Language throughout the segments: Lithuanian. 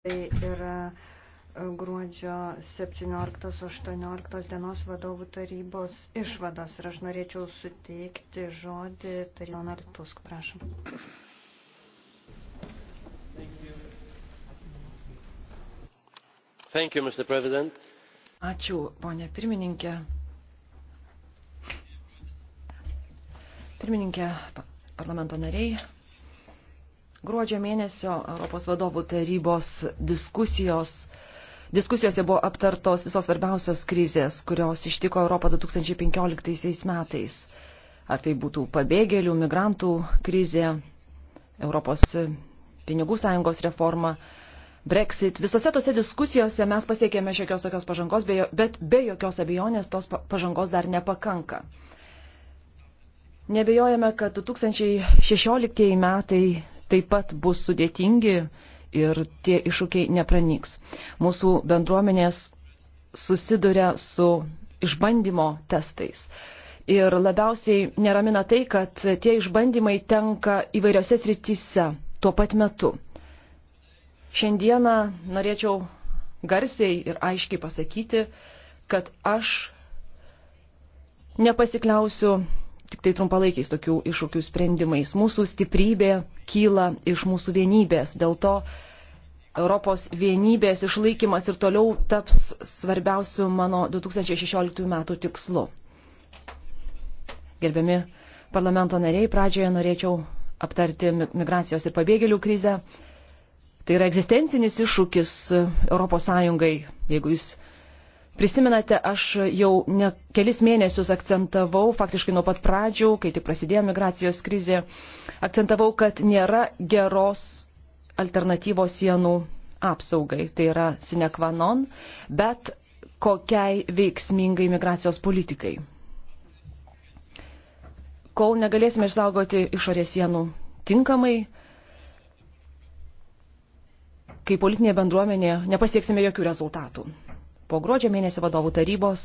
Tai yra e, gruodžio 17-18 dienos vadovų tarybos išvados ir aš norėčiau suteikti žodį Donald Tusk, prašom. Thank you. Thank you, Mr. President. Ačiū, ponė pirmininkė. Pirmininkė, parlamento nariai, Gruodžio mėnesio Europos vadovų tarybos diskusijos. Diskusijose buvo aptartos visos svarbiausios krizės, kurios ištiko Europą 2015 metais. Ar tai būtų pabėgėlių, migrantų krizė, Europos pinigų sąjungos reforma, Brexit. Visose tose diskusijose mes pasiekėme šiokios tokios pažangos, bet be jokios abejonės tos pažangos dar nepakanka. Nebejojame, kad 2016 metai taip pat bus sudėtingi ir tie iššūkiai nepranyks. Mūsų bendruomenės susiduria su išbandymo testais. Ir labiausiai neramina tai, kad tie išbandymai tenka įvairiose srityse tuo pat metu. Šiandieną norėčiau garsiai ir aiškiai pasakyti, kad aš nepasikliausiu tik tai trumpalaikiais tokių iššūkių sprendimais. Mūsų stiprybė kyla iš mūsų vienybės. Dėl to Europos vienybės išlaikymas ir toliau taps svarbiausiu mano 2016 metų tikslu. Gerbiami parlamento nariai, pradžioje norėčiau aptarti migracijos ir pabėgėlių krizę. Tai yra egzistencinis iššūkis Europos Sąjungai, jeigu jūs prisiminate, aš jau ne kelis mėnesius akcentavau, faktiškai nuo pat pradžių, kai tik prasidėjo migracijos krizė, akcentavau, kad nėra geros alternatyvos sienų apsaugai, tai yra sinekvanon, bet kokiai veiksmingai migracijos politikai. Kol negalėsime išsaugoti išorės sienų tinkamai, kai politinė bendruomenė nepasieksime jokių rezultatų po gruodžio mėnesio vadovų tarybos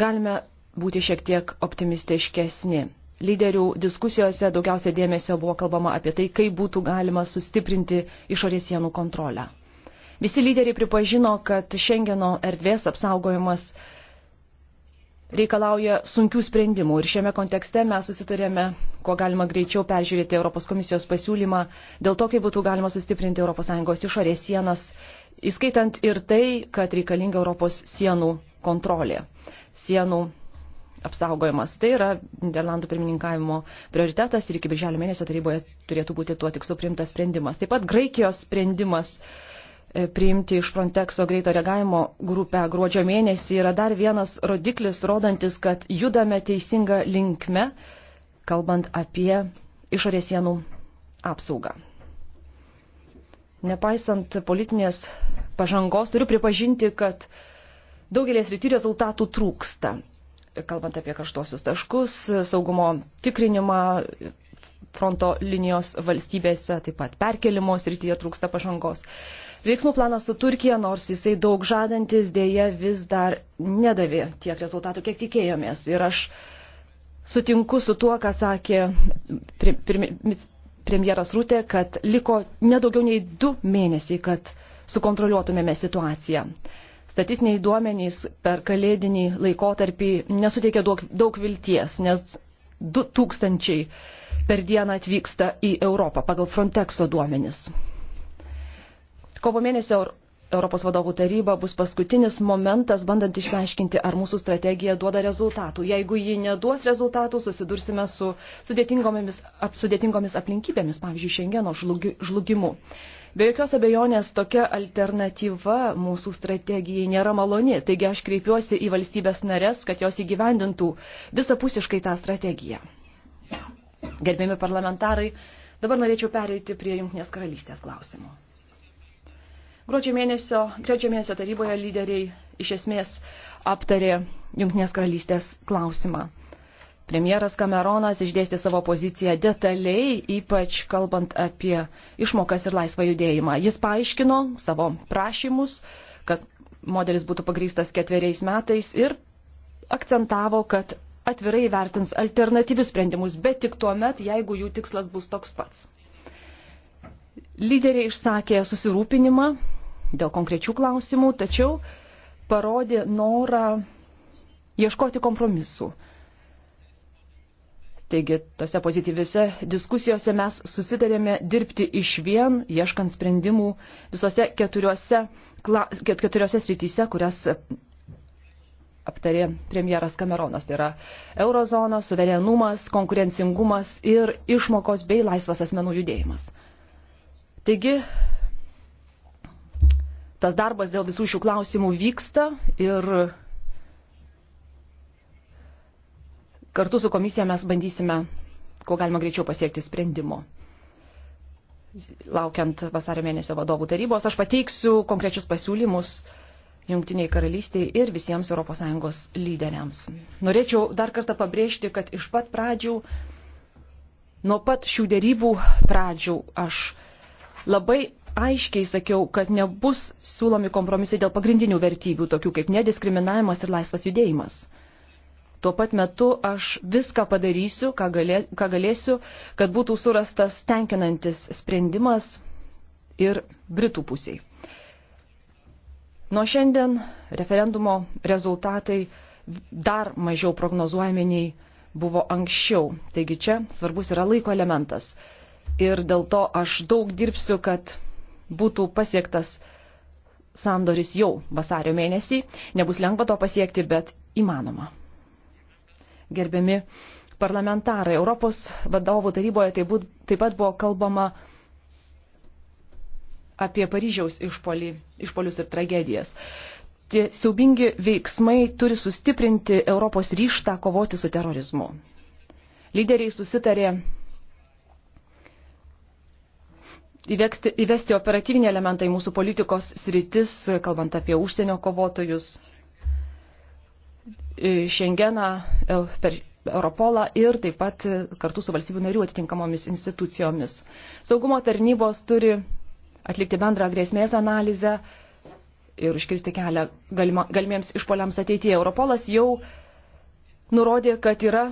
galime būti šiek tiek optimistiškesni. Lyderių diskusijose daugiausia dėmesio buvo kalbama apie tai, kaip būtų galima sustiprinti išorės sienų kontrolę. Visi lyderiai pripažino, kad Šengeno erdvės apsaugojimas reikalauja sunkių sprendimų ir šiame kontekste mes susitarėme, kuo galima greičiau peržiūrėti Europos komisijos pasiūlymą dėl to, kaip būtų galima sustiprinti ES išorės sienas įskaitant ir tai, kad reikalinga Europos sienų kontrolė, sienų apsaugojimas. Tai yra Niderlandų pirmininkavimo prioritetas ir iki birželio mėnesio taryboje turėtų būti tuo tikslu priimtas sprendimas. Taip pat Graikijos sprendimas e, priimti iš Frontexo greito reagavimo grupę gruodžio mėnesį yra dar vienas rodiklis, rodantis, kad judame teisinga linkme, kalbant apie išorės sienų apsaugą. Nepaisant politinės pažangos, turiu pripažinti, kad daugelės rytų rezultatų trūksta. Kalbant apie karštosius taškus, saugumo tikrinimą fronto linijos valstybėse, taip pat perkelimo srityje trūksta pažangos. Veiksmų planas su Turkija, nors jisai daug žadantis, dėja vis dar nedavė tiek rezultatų, kiek tikėjomės. Ir aš sutinku su tuo, ką sakė prim, prim, premjeras Rūtė, kad liko nedaugiau nei du mėnesiai, kad sukontroliuotumėme situaciją. Statistiniai duomenys per kalėdinį laikotarpį nesuteikia daug, daug vilties, nes 2000 per dieną atvyksta į Europą pagal Frontexo duomenis. Kovo mėnesio Europos vadovų taryba bus paskutinis momentas, bandant išaiškinti, ar mūsų strategija duoda rezultatų. Jeigu ji neduos rezultatų, susidursime su sudėtingomis, ap, sudėtingomis aplinkybėmis, pavyzdžiui, Šengeno žlugi, žlugimu. Be jokios abejonės tokia alternatyva mūsų strategijai nėra maloni, taigi aš kreipiuosi į valstybės narės, kad jos įgyvendintų visapusiškai tą strategiją. Gerbėmi parlamentarai, dabar norėčiau pereiti prie Junktinės karalystės klausimų. Gruodžio mėnesio, gruodžio mėnesio taryboje lyderiai iš esmės aptarė Junktinės karalystės klausimą. Premjeras Kameronas išdėstė savo poziciją detaliai, ypač kalbant apie išmokas ir laisvą judėjimą. Jis paaiškino savo prašymus, kad modelis būtų pagrystas ketveriais metais ir akcentavo, kad atvirai vertins alternatyvius sprendimus, bet tik tuo met, jeigu jų tikslas bus toks pats. Lyderiai išsakė susirūpinimą dėl konkrečių klausimų, tačiau parodė norą ieškoti kompromisų. Taigi, tose pozityvise diskusijose mes susitarėme dirbti iš vien, ieškant sprendimų visose keturiose, keturiose srityse, kurias aptarė premjeras Kameronas. Tai yra eurozona, suverenumas, konkurencingumas ir išmokos bei laisvas asmenų judėjimas. Taigi, tas darbas dėl visų šių klausimų vyksta ir kartu su komisija mes bandysime, kuo galima greičiau pasiekti sprendimo. Laukiant vasario mėnesio vadovų tarybos, aš pateiksiu konkrečius pasiūlymus Jungtiniai karalystiai ir visiems ES lyderiams. Norėčiau dar kartą pabrėžti, kad iš pat pradžių, nuo pat šių dėrybų pradžių aš labai aiškiai sakiau, kad nebus siūlomi kompromisai dėl pagrindinių vertybių, tokių kaip nediskriminavimas ir laisvas judėjimas. Tuo pat metu aš viską padarysiu, ką, galė, ką galėsiu, kad būtų surastas tenkinantis sprendimas ir Britų pusiai. Nuo šiandien referendumo rezultatai dar mažiau prognozuojami nei buvo anksčiau. Taigi čia svarbus yra laiko elementas. Ir dėl to aš daug dirbsiu, kad būtų pasiektas sandoris jau vasario mėnesį. Nebus lengva to pasiekti, bet įmanoma. Gerbiami parlamentarai, Europos vadovų taryboje taip, būt, taip pat buvo kalbama apie Paryžiaus išpolį, išpolius ir tragedijas. Tie siaubingi veiksmai turi sustiprinti Europos ryštą kovoti su terorizmu. Lyderiai susitarė įvesti, įvesti operatyvinį elementą į mūsų politikos sritis, kalbant apie užsienio kovotojus, Šengeną per Europolą ir taip pat kartu su valstybių narių atitinkamomis institucijomis. Saugumo tarnybos turi atlikti bendrą grėsmės analizę ir užkirsti kelią galima, galimiems išpoliams ateityje. Europolas jau nurodė, kad yra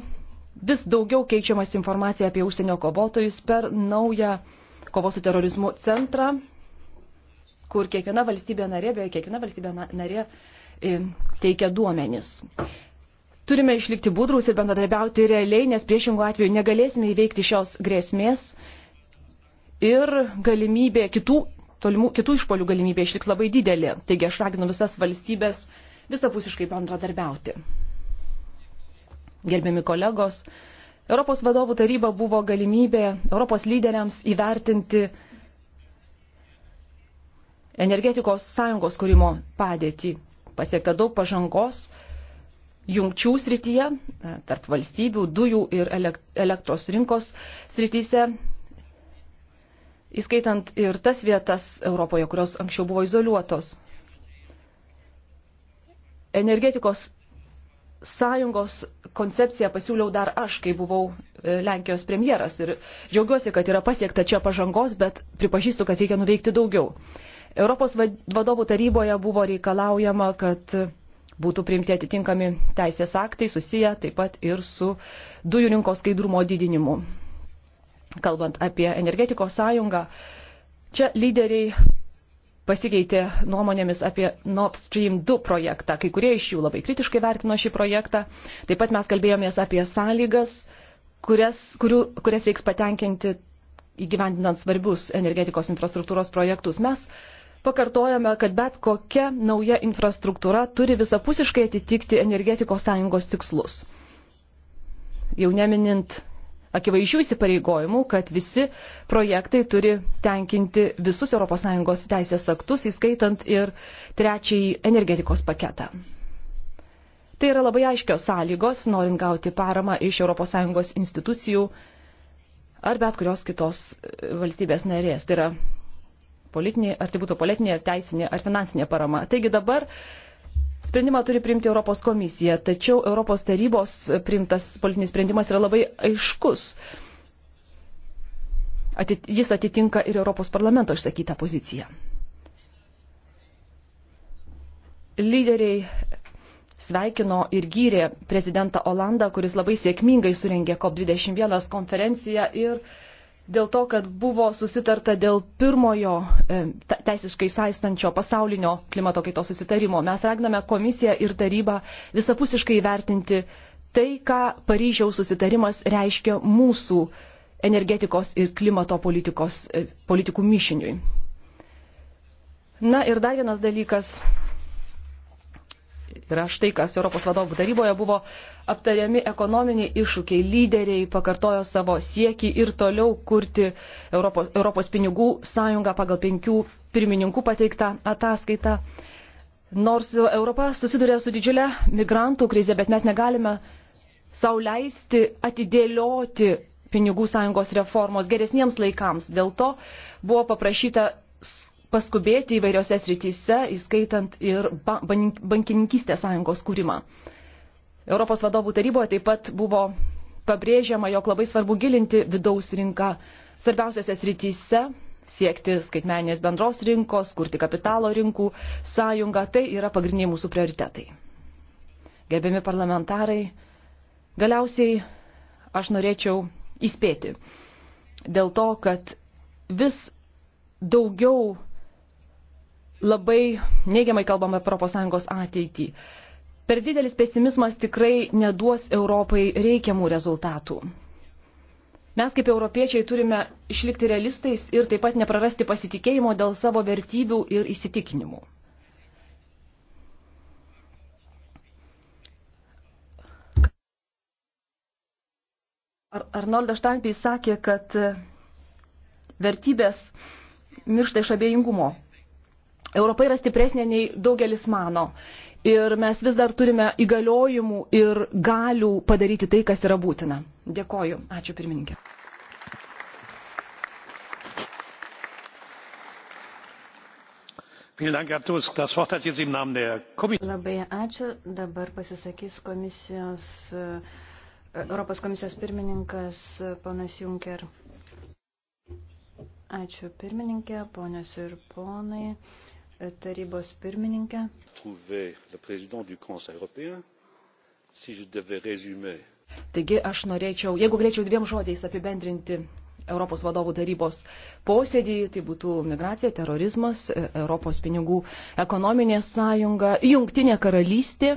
vis daugiau keičiamas informacija apie užsienio kovotojus per naują kovos su terorizmu centrą, kur kiekviena valstybė narė, beje, kiekviena valstybė narė e, teikia duomenis. Turime išlikti budrus ir bendradarbiauti realiai, nes priešingų atveju negalėsime įveikti šios grėsmės ir galimybė kitų, tolimų, kitų išpolių galimybė išliks labai didelė. Taigi aš raginu visas valstybės visapusiškai bendradarbiauti. Gerbiami kolegos, Europos vadovų taryba buvo galimybė Europos lyderiams įvertinti energetikos sąjungos kūrimo padėtį. Pasiekta daug pažangos jungčių srityje, e, tarp valstybių, dujų ir elektros rinkos srityse, įskaitant ir tas vietas Europoje, kurios anksčiau buvo izoliuotos. Energetikos sąjungos koncepciją pasiūliau dar aš, kai buvau e, Lenkijos premjeras ir džiaugiuosi, kad yra pasiekta čia pažangos, bet pripažįstu, kad reikia nuveikti daugiau. Europos vadovų taryboje buvo reikalaujama, kad būtų priimti atitinkami teisės aktai susiję taip pat ir su dujų rinkos skaidrumo didinimu. Kalbant apie energetikos sąjungą, čia lyderiai pasikeitė nuomonėmis apie Nord Stream 2 projektą. Kai kurie iš jų labai kritiškai vertino šį projektą. Taip pat mes kalbėjomės apie sąlygas, kurias, kurių, kurias reiks patenkinti įgyvendinant svarbius energetikos infrastruktūros projektus. Mes pakartojame, kad bet kokia nauja infrastruktūra turi visapusiškai atitikti energetikos sąjungos tikslus. Jau neminint akivaizdžių įsipareigojimų, kad visi projektai turi tenkinti visus ES teisės aktus, įskaitant ir trečiąjį energetikos paketą. Tai yra labai aiškios sąlygos, norint gauti paramą iš ES institucijų ar bet kurios kitos e, valstybės narės. Tai yra politinė, ar tai būtų politinė, teisinė ar finansinė parama. Taigi dabar Sprendimą turi priimti Europos komisija, tačiau Europos tarybos priimtas politinis sprendimas yra labai aiškus. Atit, jis atitinka ir Europos parlamento išsakytą poziciją. Lyderiai sveikino ir gyrė prezidentą Olandą, kuris labai sėkmingai surengė COP21 konferenciją ir uh, dėl to, kad buvo susitarta dėl pirmojo e, teisiškai saistančio pasaulinio klimato kaitos susitarimo. Mes ragname komisiją ir tarybą visapusiškai įvertinti tai, ką Paryžiaus susitarimas reiškia mūsų energetikos ir klimato politikos, e, politikų mišiniui. Na ir dar vienas dalykas yra štai, kas Europos vadovų taryboje buvo aptariami ekonominiai iššūkiai. Lyderiai pakartojo savo siekį ir toliau kurti Europos, Europos pinigų sąjungą pagal penkių pirmininkų pateiktą ataskaitą. Nors Europa susiduria su didžiulė migrantų krize, bet mes negalime sauliaisti atidėlioti pinigų sąjungos reformos geresniems laikams. Dėl to buvo paprašyta paskubėti įvairiose srityse, įskaitant ir bankininkystės sąjungos kūrimą. Europos vadovų taryboje taip pat buvo pabrėžiama, jog labai svarbu gilinti vidaus rinką svarbiausiose srityse, siekti skaitmenės bendros rinkos, kurti kapitalo rinkų sąjungą. Tai yra pagrindiniai mūsų prioritetai. Gerbiami parlamentarai, galiausiai aš norėčiau įspėti dėl to, kad vis daugiau labai neigiamai kalbam apie ES ateitį. Per didelis pesimizmas tikrai neduos Europai reikiamų rezultatų. Mes kaip europiečiai turime išlikti realistais ir taip pat neprarasti pasitikėjimo dėl savo vertybių ir įsitikinimų. Ar Arnoldas Štampys sakė, kad vertybės miršta iš abejingumo Europa yra stipresnė nei daugelis mano. Ir mes vis dar turime įgaliojimų ir galių padaryti tai, kas yra būtina. Dėkoju. Ačiū pirmininkė. Labai ačiū. Dabar pasisakys komisijos, e, Europos komisijos pirmininkas panas Juncker. Ačiū pirmininkė, ponios ir ponai tarybos pirmininkę. Taigi aš norėčiau, jeigu galėčiau dviem žodžiais apibendrinti Europos vadovų tarybos posėdį, tai būtų migracija, terorizmas, e, Europos pinigų ekonominė sąjunga, jungtinė karalystė,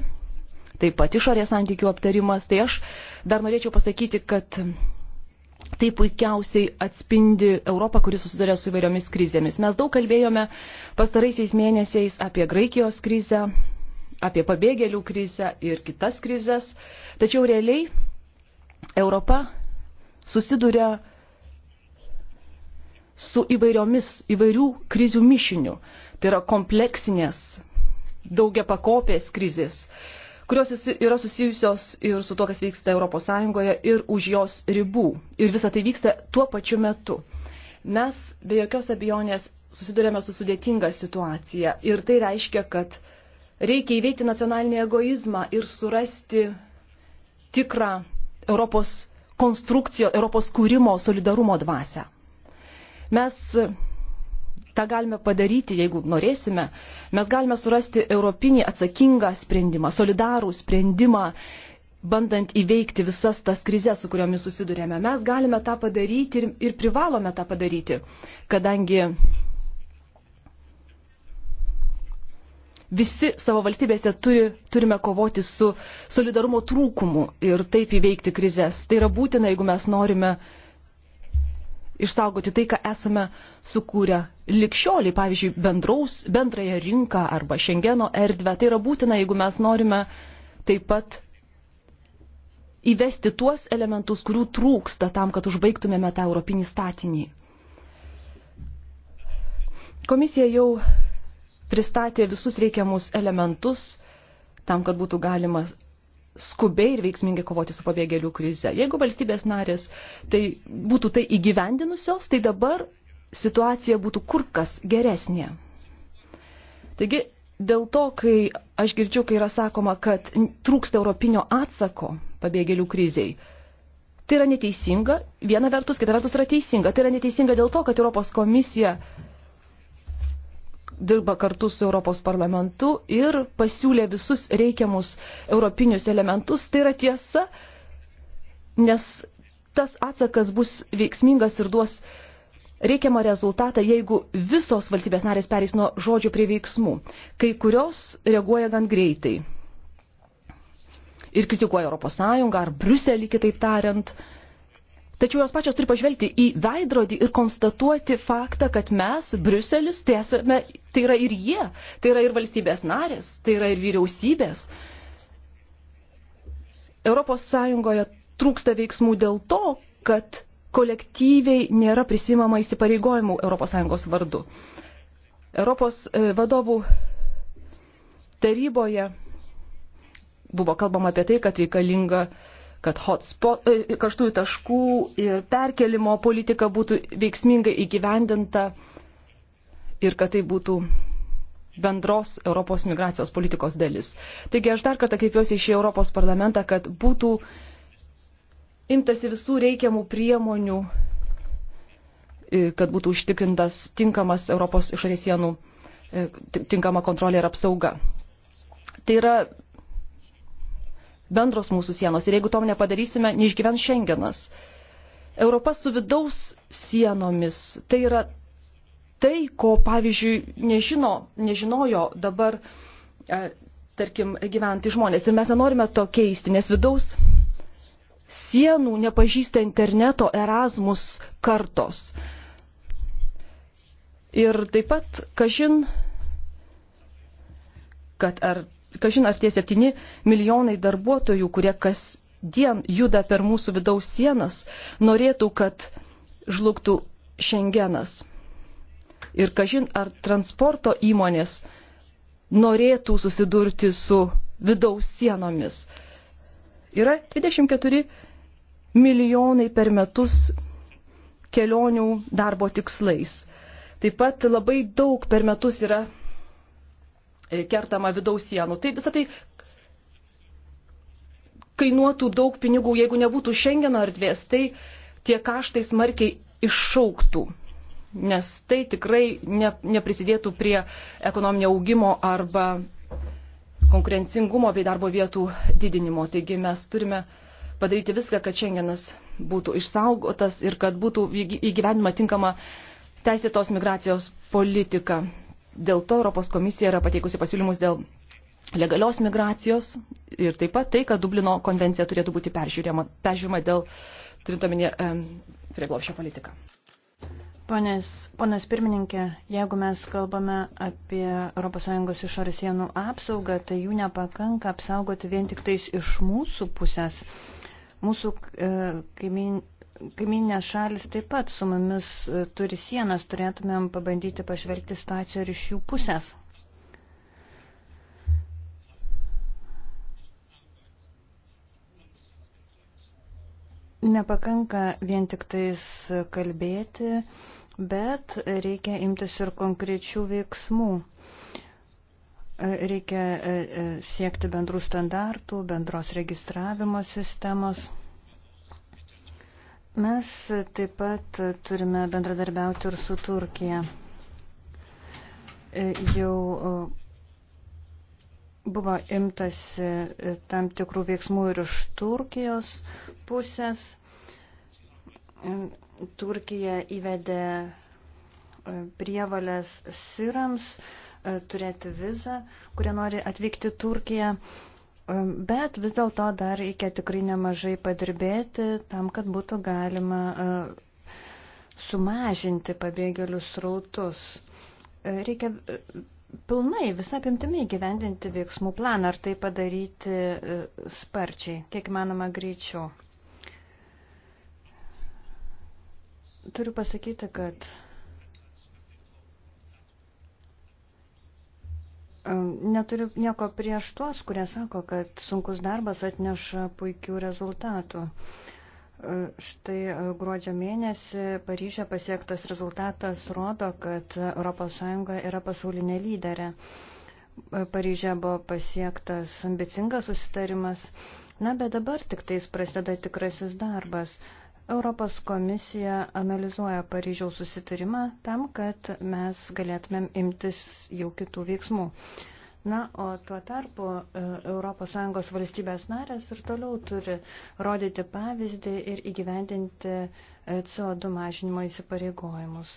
taip pat išorės santykių aptarimas. Tai aš dar norėčiau pasakyti, kad tai puikiausiai atspindi Europą, kuris susiduria su įvairiomis krizėmis. Mes daug kalbėjome pastaraisiais mėnesiais apie Graikijos krizę, apie pabėgėlių krizę ir kitas krizės, tačiau realiai Europa susiduria su įvairiomis, įvairių krizių mišiniu. Tai yra kompleksinės daugia pakopės krizės kurios yra susijusios ir su to, kas vyksta ES ir už jos ribų. Ir visa tai vyksta tuo pačiu metu. Mes be jokios abejonės susidurėme su sudėtinga situacija ir tai reiškia, kad reikia įveikti nacionalinį egoizmą ir surasti tikrą Europos konstrukcijo, Europos kūrimo solidarumo dvasę. Mes tą galime padaryti, jeigu norėsime, mes galime surasti europinį atsakingą sprendimą, solidarų sprendimą, bandant įveikti visas tas krizės, su kuriomis susidurėme. Mes galime tą padaryti ir, ir privalome tą padaryti, kadangi visi savo valstybėse turi, turime kovoti su solidarumo trūkumu ir taip įveikti krizės. Tai yra būtina, jeigu mes norime uh, išsaugoti tai, ką esame sukūrę likščioliai, pavyzdžiui, bendraus, bendrąją rinką arba Šengeno erdvę. Tai yra būtina, jeigu mes norime taip pat įvesti tuos elementus, kurių trūksta tam, kad užbaigtumėme tą europinį statinį. Komisija jau pristatė visus reikiamus elementus tam, kad būtų galima skubiai ir veiksmingai kovoti su pabėgėlių krize. Jeigu valstybės narės tai būtų tai įgyvendinusios, tai dabar situacija būtų kur kas geresnė. Taigi, dėl to, kai aš girdžiu, kai yra sakoma, kad trūksta europinio atsako pabėgėlių kriziai, tai yra neteisinga, viena vertus, kita vertus yra teisinga. Tai yra neteisinga dėl to, kad Europos komisija dirba kartu su Europos parlamentu ir pasiūlė visus reikiamus europinius elementus. Tai yra tiesa, nes tas atsakas bus veiksmingas ir duos reikiamą rezultatą, jeigu visos valstybės narės perės nuo žodžių prie veiksmų. Kai kurios reaguoja gan greitai ir kritikuoja Europos Sąjungą ar Briuselį, kitaip tariant, Tačiau jos pačios turi pažvelgti į veidrodį ir konstatuoti faktą, kad mes, Briuselis, tai, esame, tai yra ir jie, tai yra ir valstybės narės, tai yra ir vyriausybės. Europos Sąjungoje trūksta veiksmų dėl to, kad kolektyviai nėra prisimama įsipareigojimų Europos Sąjungos vardu. Europos e, vadovų taryboje buvo kalbama apie tai, kad reikalinga uh, kad hotspot, e, karštųjų taškų ir perkelimo politika būtų veiksmingai įgyvendinta ir kad tai būtų bendros Europos migracijos politikos dalis. Taigi aš dar kartą kreipiuosi iš Europos parlamentą, kad būtų imtasi visų reikiamų priemonių, e, kad būtų užtikrintas tinkamas Europos išorės sienų e, tinkama kontrolė ir apsauga. Tai yra bendros mūsų sienos. Ir jeigu tom nepadarysime, neišgyven Šengenas. Europa su vidaus sienomis, tai yra tai, ko pavyzdžiui nežino, nežinojo dabar, e, tarkim, gyventi žmonės. Ir mes nenorime to keisti, nes vidaus sienų nepažįsta interneto Erasmus kartos. Ir taip pat, kažin, kad ar kažin ar tie 7 milijonai darbuotojų, kurie kasdien juda per mūsų vidaus sienas, norėtų, kad žlugtų šengenas. Ir kažin ar transporto įmonės norėtų susidurti su vidaus sienomis. Yra 24 milijonai per metus kelionių darbo tikslais. Taip pat labai daug per metus yra kertama vidaus sienų. Tai visą tai kainuotų daug pinigų, jeigu nebūtų Šengeno erdvės, tai tie kaštai smarkiai iššauktų, nes tai tikrai ne, neprisidėtų prie ekonominio augimo arba konkurencingumo bei darbo vietų didinimo. Taigi mes turime padaryti viską, kad Šengenas būtų išsaugotas ir kad būtų įgyvenima tinkama teisėtos migracijos politika dėl to Europos komisija yra pateikusi pasiūlymus dėl legalios migracijos ir taip pat tai, kad Dublino konvencija turėtų būti peržiūrima, peržiūrima dėl turintominė e, prieglobšio politika. Ponės, ponas pirmininkė, jeigu mes kalbame apie ES išorės sienų apsaugą, tai jų nepakanka apsaugoti vien tik tais iš mūsų pusės. Mūsų e, kaimin, Kaiminės šalis taip pat su mumis e, turi sienas, turėtumėm pabandyti pažvelgti situaciją ir iš jų pusės. Nepakanka vien tik tais kalbėti, bet reikia imtis ir konkrečių veiksmų. E, reikia e, siekti bendrų standartų, bendros registravimo sistemos. Mes taip pat turime bendradarbiauti ir su Turkija. E, jau e, buvo imtasi e, tam tikrų veiksmų ir iš Turkijos pusės. Turkija įvedė prievalės sirams turėti vizą, kurie nori atvykti Turkiją. Bet vis dėlto dar reikia tikrai nemažai padirbėti tam, kad būtų galima e, sumažinti pabėgėlių srautus. E, reikia e, pilnai visą apimtimį gyvendinti veiksmų planą, ar tai padaryti sparčiai, kiek manoma greičiau. Turiu pasakyti, kad E, neturiu nieko prieš tuos, kurie sako, kad sunkus darbas atneša puikių rezultatų. E, štai e, gruodžio mėnesį Paryžė pasiektas rezultatas rodo, kad ES yra pasaulinė lyderė. Paryžė buvo pasiektas ambicingas susitarimas, na bet dabar tik tais prasideda tikrasis darbas. Europos komisija analizuoja Paryžiaus susitarimą tam, kad mes galėtumėm imtis jau kitų veiksmų. Na, o tuo tarpu ES valstybės narės ir toliau turi rodyti pavyzdį ir įgyvendinti e, CO2 mažinimo įsipareigojimus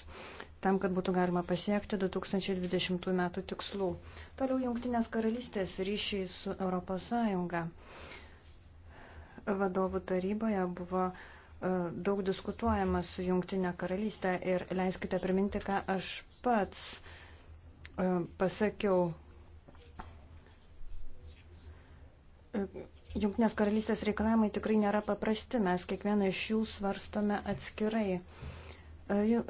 tam, kad būtų galima pasiekti 2020 metų tikslų. Toliau Jungtinės karalystės ryšiai su ES. Vadovų taryboje buvo uh, E, daug diskutuojama su Jungtinė karalystė ir leiskite priminti, ką aš pats e, pasakiau. E, Jungtinės karalystės reikalavimai tikrai nėra paprasti, mes kiekvieną iš jų svarstome atskirai. E,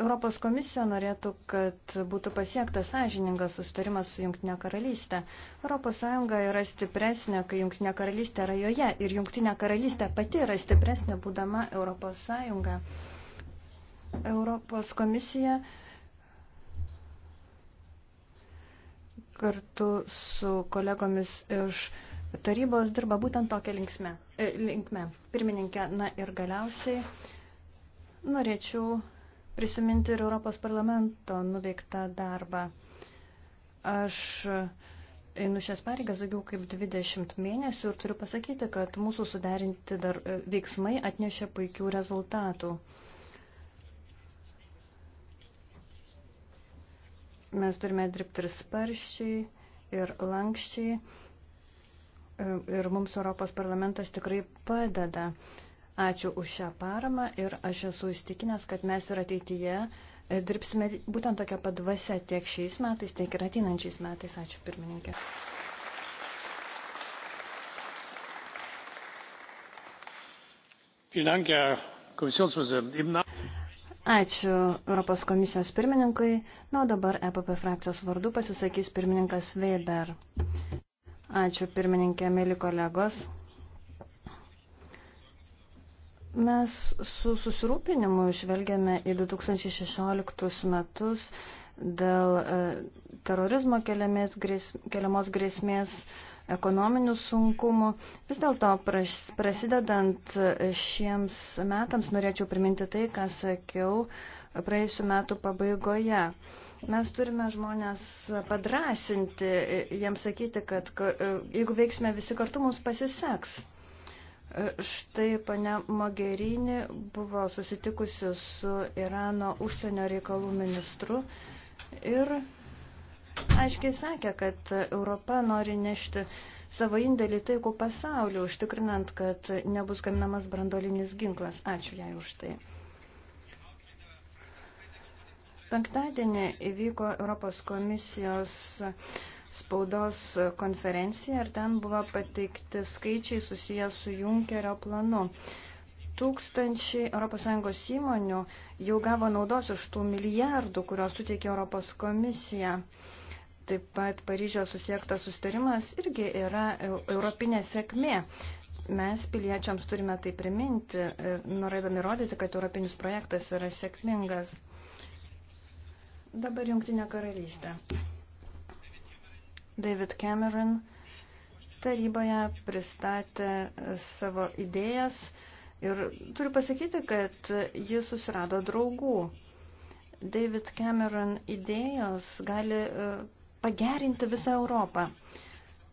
Europos komisija norėtų, kad būtų pasiektas sąžiningas sustarimas su Junktinė karalystė. ES yra stipresnė, kai Junktinė karalystė yra joje ir Junktinė karalystė pati yra stipresnė, būdama ES. Europos komisija kartu su kolegomis iš tarybos dirba būtent tokia e, linkme. Pirmininkė, na ir galiausiai. Norėčiau prisiminti ir Europos parlamento nuveiktą darbą. Aš einu šias pareigas daugiau kaip 20 mėnesių ir turiu pasakyti, kad mūsų suderinti dar e, veiksmai atnešė puikių rezultatų. Mes turime dirbti ir sparšiai, ir lankščiai, e, ir mums Europos parlamentas tikrai padeda. Ačiū už šią paramą ir aš esu įstikinęs, kad mes ir ateityje e, dirbsime būtent tokią padvasę tiek šiais metais, tiek ir ateinančiais metais. Ačiū pirmininkė. Ačiū Europos komisijos pirmininkui. Na, o dabar EPP frakcijos vardu pasisakys pirmininkas Weber. Ačiū pirmininkė, mėly kolegos. Mes su susirūpinimu žvelgiame į 2016 metus dėl e, terorizmo grės, keliamos grėsmės, ekonominių sunkumų. Vis dėlto prasidedant šiems metams norėčiau priminti tai, ką sakiau praėjusiu metu pabaigoje. Mes turime žmonės padrasinti, jiems sakyti, kad e, jeigu veiksime visi kartu, mums pasiseks. Štai pane Mogherini buvo susitikusi su Irano užsienio reikalų ministru ir aiškiai sakė, kad Europa nori nešti savo indėlį taikų pasaulį, užtikrinant, kad nebus gaminamas brandolinis ginklas. Ačiū jai už tai. Penktadienį įvyko Europos komisijos spaudos konferenciją ir ten buvo pateikti skaičiai susiję su Junkerio planu. Tūkstančiai ES įmonių jau gavo naudos iš tų milijardų, kurios suteikė Europos komisija. Taip pat Paryžiaus susiektas sustarimas irgi yra europinė sėkmė. Mes piliečiams turime tai priminti, e, norėdami rodyti, kad europinis projektas yra sėkmingas. Dabar Junktinė karalystė. David Cameron taryboje pristatė e, savo idėjas ir turiu pasakyti, kad jis susirado draugų. David Cameron idėjos gali e, pagerinti visą Europą.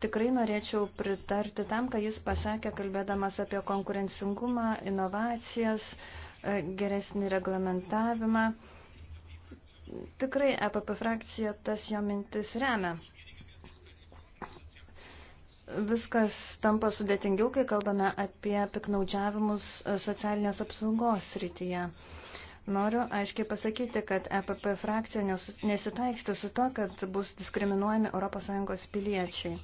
Tikrai norėčiau pritarti tam, ką jis pasakė, kalbėdamas apie konkurencingumą, inovacijas, e, geresnį reglamentavimą. Tikrai EPP frakcija tas jo mintis remia viskas tampa sudėtingiau, kai kalbame apie piknaudžiavimus e, socialinės apsaugos srityje. Noriu aiškiai pasakyti, kad EPP frakcija nesitaiksti su to, kad bus diskriminuojami ES piliečiai.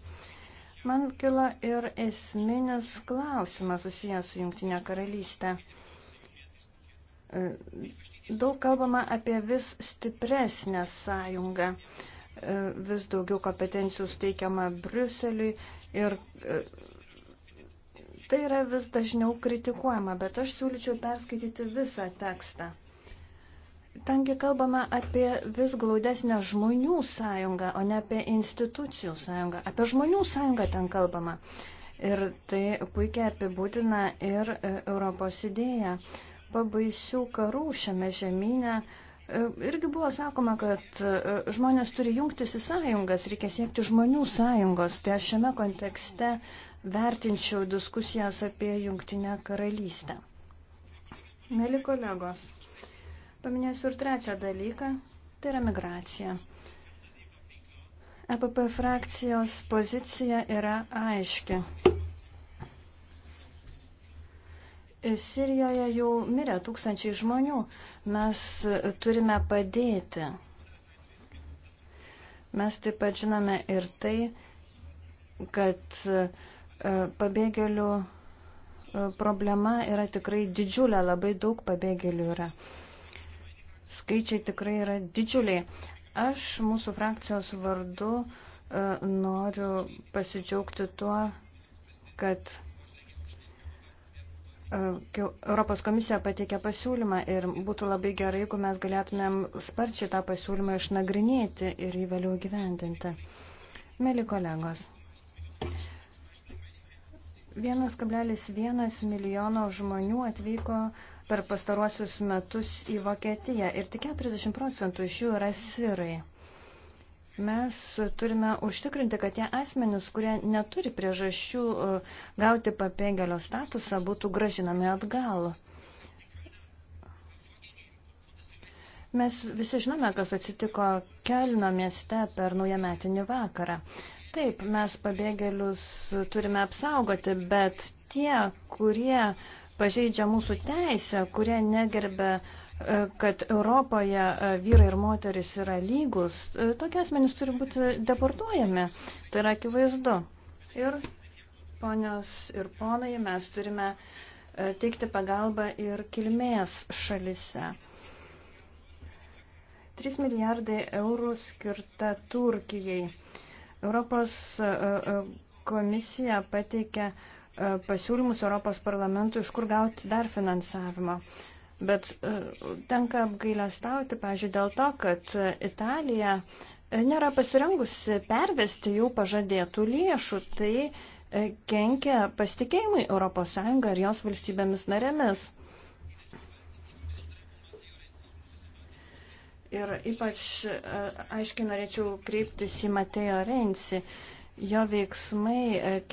Man kilo ir esminis klausimas susijęs su Junktinė karalystė. E, daug kalbama apie vis stipresnę sąjungą. E, vis daugiau kompetencijų steikiama Briuseliui ir e, tai yra vis dažniau kritikuojama, bet aš siūlyčiau perskaityti visą tekstą. Tengi kalbame apie vis glaudesnę žmonių sąjungą, o ne apie institucijų sąjungą. Apie žmonių sąjungą ten kalbama. Ir tai puikiai apibūdina ir e, Europos idėja. Pabaisių karų šiame žemynė Irgi buvo sakoma, kad e, žmonės turi jungtis į sąjungas, reikia siekti žmonių sąjungos. Tai aš šiame kontekste vertinčiau diskusijas apie jungtinę karalystę. Mėly kolegos, paminėsiu ir trečią dalyką, tai yra migracija. EPP frakcijos pozicija yra aiški. Sirijoje jau mirė tūkstančiai žmonių. Mes turime padėti. Mes taip pat žinome ir tai, kad e, pabėgėlių e, problema yra tikrai didžiulė, labai daug pabėgėlių yra. Skaičiai tikrai yra didžiuliai. Aš mūsų frakcijos vardu e, noriu pasidžiaugti tuo, kad E, Europos komisija pateikė pasiūlymą ir būtų labai gerai, jeigu mes galėtumėm sparčiai tą pasiūlymą išnagrinėti ir jį vėliau gyvendinti. Mėly kolegos, 1,1 milijono žmonių atvyko per pastaruosius metus į Vokietiją ir tik 40 procentų iš jų yra sirai. Mes turime užtikrinti, kad tie asmenys, kurie neturi priežasčių e, gauti papėgelio statusą, būtų gražinami atgal. Mes visi žinome, kas atsitiko Kelno mieste per naujametinį vakarą. Taip, mes pabėgėlius turime apsaugoti, bet tie, kurie pažeidžia mūsų teisę, kurie negerbė uh, E, kad Europoje e, vyrai ir moteris yra lygus, e, tokie asmenys turi būti deportuojami. Tai yra akivaizdu. Ir ponios ir ponai, mes turime teikti pagalbą ir kilmės šalise. 3 milijardai eurų skirta Turkijai. Europos komisija pateikė pasiūlymus Europos parlamentui, iš kur gauti dar finansavimą. Bet e, tenka apgailestauti, pažiūrėjau, dėl to, kad Italija e, nėra pasirengusi pervesti jų pažadėtų lėšų. Tai e, kenkia pasitikėjimui ES ir jos valstybėmis narėmis. Ir ypač aiškiai norėčiau kreiptis į Mateo Rensi. Jo veiksmai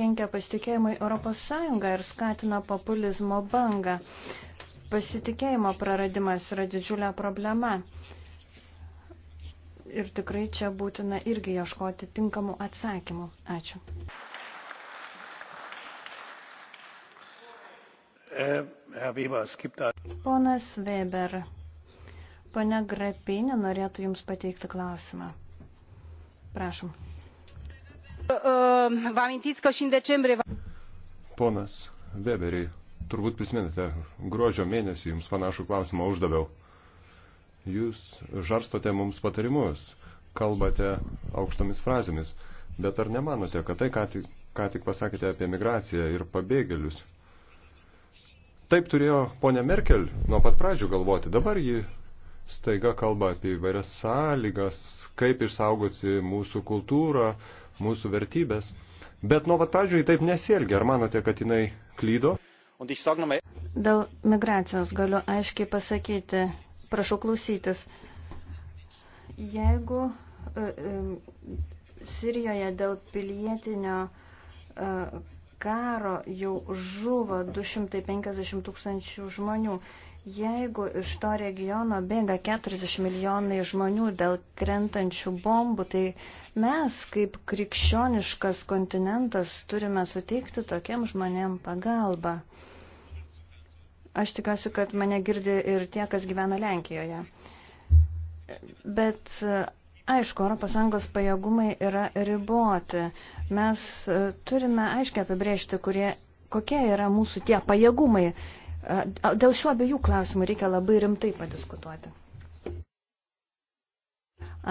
kenkia pasitikėjimui ES ir skatina populizmo bangą. Pasitikėjimo praradimas yra didžiulė problema. Ir tikrai čia būtina irgi ieškoti tinkamų atsakymų. Ačiū. Äh, Ponas Weber, ponia Grapinė norėtų Jums pateikti klausimą. Prašom. Ponas Weberiai, turbūt prisimenate, gruodžio mėnesį jums panašų klausimą uždaviau. Jūs žarstote mums patarimus, kalbate aukštomis frazėmis, bet ar nemanote, kad tai, ką tik, ką tik pasakėte apie migraciją ir pabėgėlius, taip turėjo ponia Merkel nuo pat pradžių galvoti. Dabar ji staiga kalba apie įvairias sąlygas, kaip išsaugoti mūsų kultūrą, mūsų vertybės. Bet nuo pat pradžių ji taip nesielgia. Ar manote, kad jinai klydo? Dėl migracijos galiu aiškiai pasakyti, prašau klausytis, jeigu e, e, Sirijoje dėl pilietinio e, karo jau žuvo 250 tūkstančių žmonių Jeigu iš to regiono bėga 40 milijonai žmonių dėl krentančių bombų, tai mes kaip krikščioniškas kontinentas turime suteikti tokiem žmonėm pagalbą. Aš tikiuosi, kad mane girdi ir tie, kas gyvena Lenkijoje. Bet aišku, ES pajėgumai yra riboti. Mes e, turime aiškiai apibrėžti, kurie, kokie yra mūsų tie pajėgumai. Dėl šių abiejų klausimų reikia labai rimtai padiskutuoti.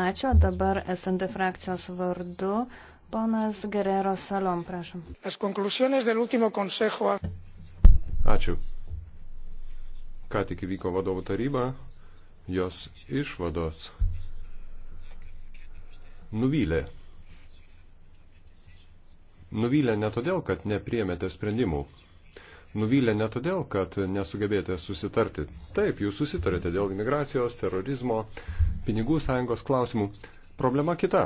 Ačiū, dabar SND frakcijos vardu ponas Guerrero Salom, prašom. Ačiū. Ką tik įvyko vadovų taryba, jos išvados nuvylė. Nuvylė ne todėl, kad nepriemėte sprendimų, nuvylė ne todėl, kad nesugebėjote susitarti. Taip, jūs susitarėte dėl imigracijos, terorizmo, pinigų sąjungos klausimų. Problema kita.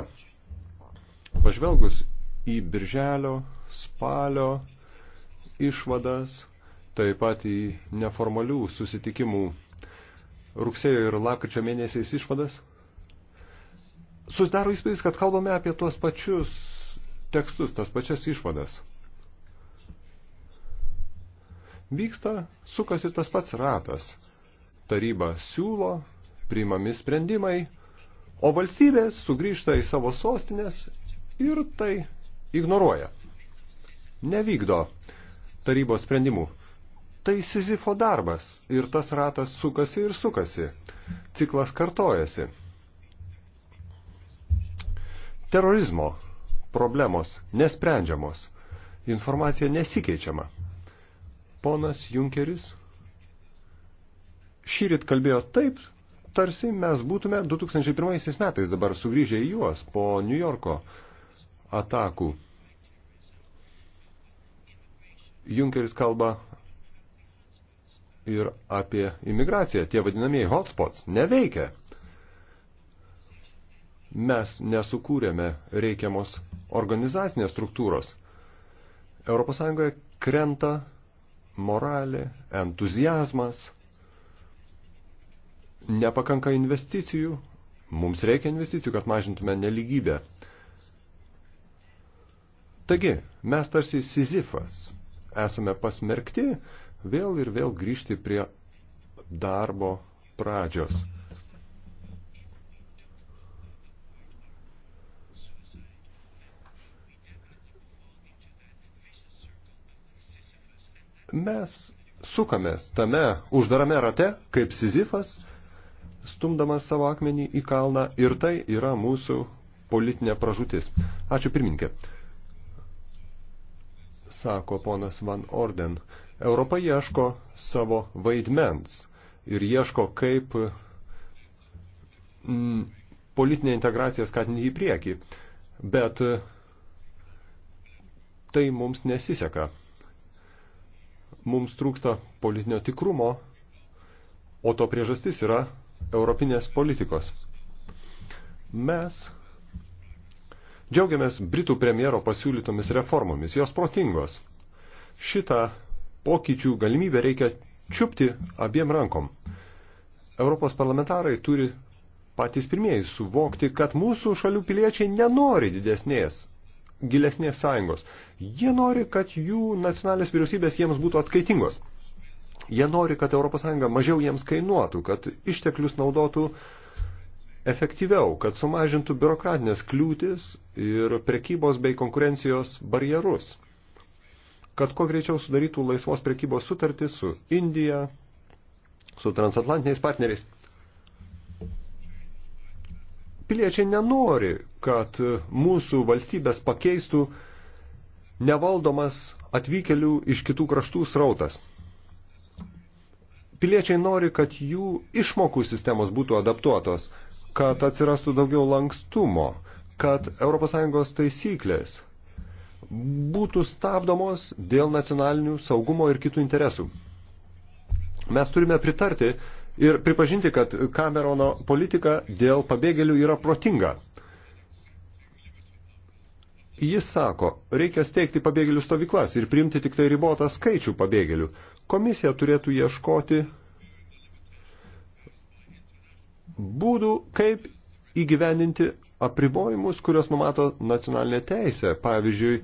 Pažvelgus į birželio, spalio išvadas, taip pat į neformalių susitikimų rugsėjo ir lapkričio mėnesiais išvadas, susidaro įspūdis, kad kalbame apie tuos pačius tekstus, tas pačias išvadas vyksta, sukasi tas pats ratas. Taryba siūlo, priimami sprendimai, o valstybės sugrįžta į savo sostinės ir tai ignoruoja. Nevykdo tarybos sprendimų. Tai Sizifo darbas ir tas ratas sukasi ir sukasi. Ciklas kartojasi. Terorizmo problemos nesprendžiamos. Informacija nesikeičiama ponas Junkeris šyrit kalbėjo taip, tarsi mes būtume 2001 metais dabar sugrįžę į juos po New Yorko atakų. Junkeris kalba ir apie imigraciją. Tie vadinamieji hotspots neveikia. Mes nesukūrėme reikiamos organizacinės struktūros. ES krenta moralė, entuzijazmas, nepakanka investicijų, mums reikia investicijų, kad mažintume neligybę. Taigi, mes tarsi Sizifas esame pasmerkti vėl ir vėl grįžti prie darbo pradžios. Mes sukamės tame uždarame rate, kaip Sizifas, stumdamas savo akmenį į kalną ir tai yra mūsų politinė pražutis. Ačiū pirmininkė. Sako ponas Van Orden. Europa ieško savo vaidmens ir ieško, kaip m, mm, politinė integracija skatinti į priekį. Bet tai mums nesiseka mums trūksta politinio tikrumo, o to priežastis yra europinės politikos. Mes džiaugiamės Britų premjero pasiūlytomis reformomis, jos protingos. Šitą pokyčių galimybę reikia čiupti abiem rankom. Europos parlamentarai turi patys pirmieji suvokti, kad mūsų šalių piliečiai nenori didesnės gilesnės sąjungos. Jie nori, kad jų nacionalinės vyriausybės jiems būtų atskaitingos. Jie nori, kad ES mažiau jiems kainuotų, kad išteklius naudotų efektyviau, kad sumažintų biurokratinės kliūtis ir prekybos bei konkurencijos barjerus, kad kuo greičiau sudarytų laisvos prekybos sutartį su Indija, su transatlantiniais partneriais piliečiai nenori, kad mūsų valstybės pakeistų nevaldomas atvykelių iš kitų kraštų srautas. Piliečiai nori, kad jų išmokų sistemos būtų adaptuotos, kad atsirastų daugiau lankstumo, kad ES taisyklės būtų stabdomos dėl nacionalinių saugumo ir kitų interesų. Mes turime pritarti ir pripažinti, kad Kamerono politika dėl pabėgėlių yra protinga. Jis sako, reikia steigti pabėgėlių stovyklas ir priimti tik tai ribotą skaičių pabėgėlių. Komisija turėtų ieškoti būdų, kaip įgyvendinti apribojimus, kurios numato nacionalinė teisė, pavyzdžiui,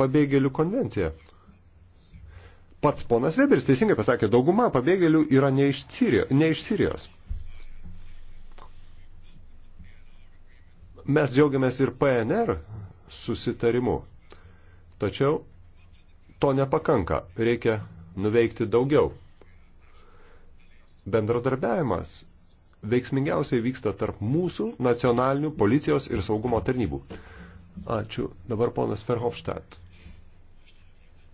pabėgėlių konvencija. Pats ponas Weberis teisingai pasakė, dauguma pabėgėlių yra ne iš, Sirijo, ne iš Sirijos. Mes džiaugiamės ir PNR susitarimu. Tačiau to nepakanka, reikia nuveikti daugiau. Bendradarbiavimas veiksmingiausiai vyksta tarp mūsų nacionalinių policijos ir saugumo tarnybų. Ačiū. Dabar ponas Ferhofstadt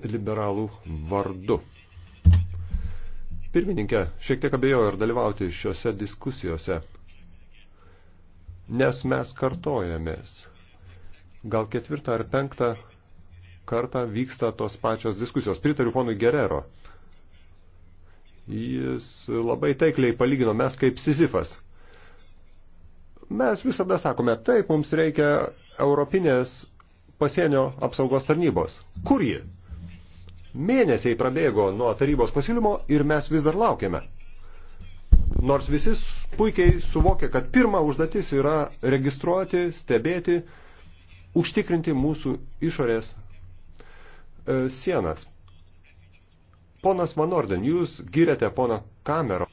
liberalų vardu. Pirmininkė, šiek tiek abejoju ar dalyvauti šiuose diskusijose, nes mes kartojamės. Gal ketvirtą ar penktą kartą vyksta tos pačios diskusijos. Pritariu ponui Gerero. Jis labai taikliai palygino mes kaip Sizifas. Mes visada sakome, taip, mums reikia Europinės pasienio apsaugos tarnybos. Kur ji? Mėnesiai prabėgo nuo tarybos pasiūlymo ir mes vis dar laukiame. Nors visi puikiai suvokia, kad pirma užduotis yra registruoti, stebėti, užtikrinti mūsų išorės e, sienas. Ponas Van Orden, jūs girėte poną Kamero.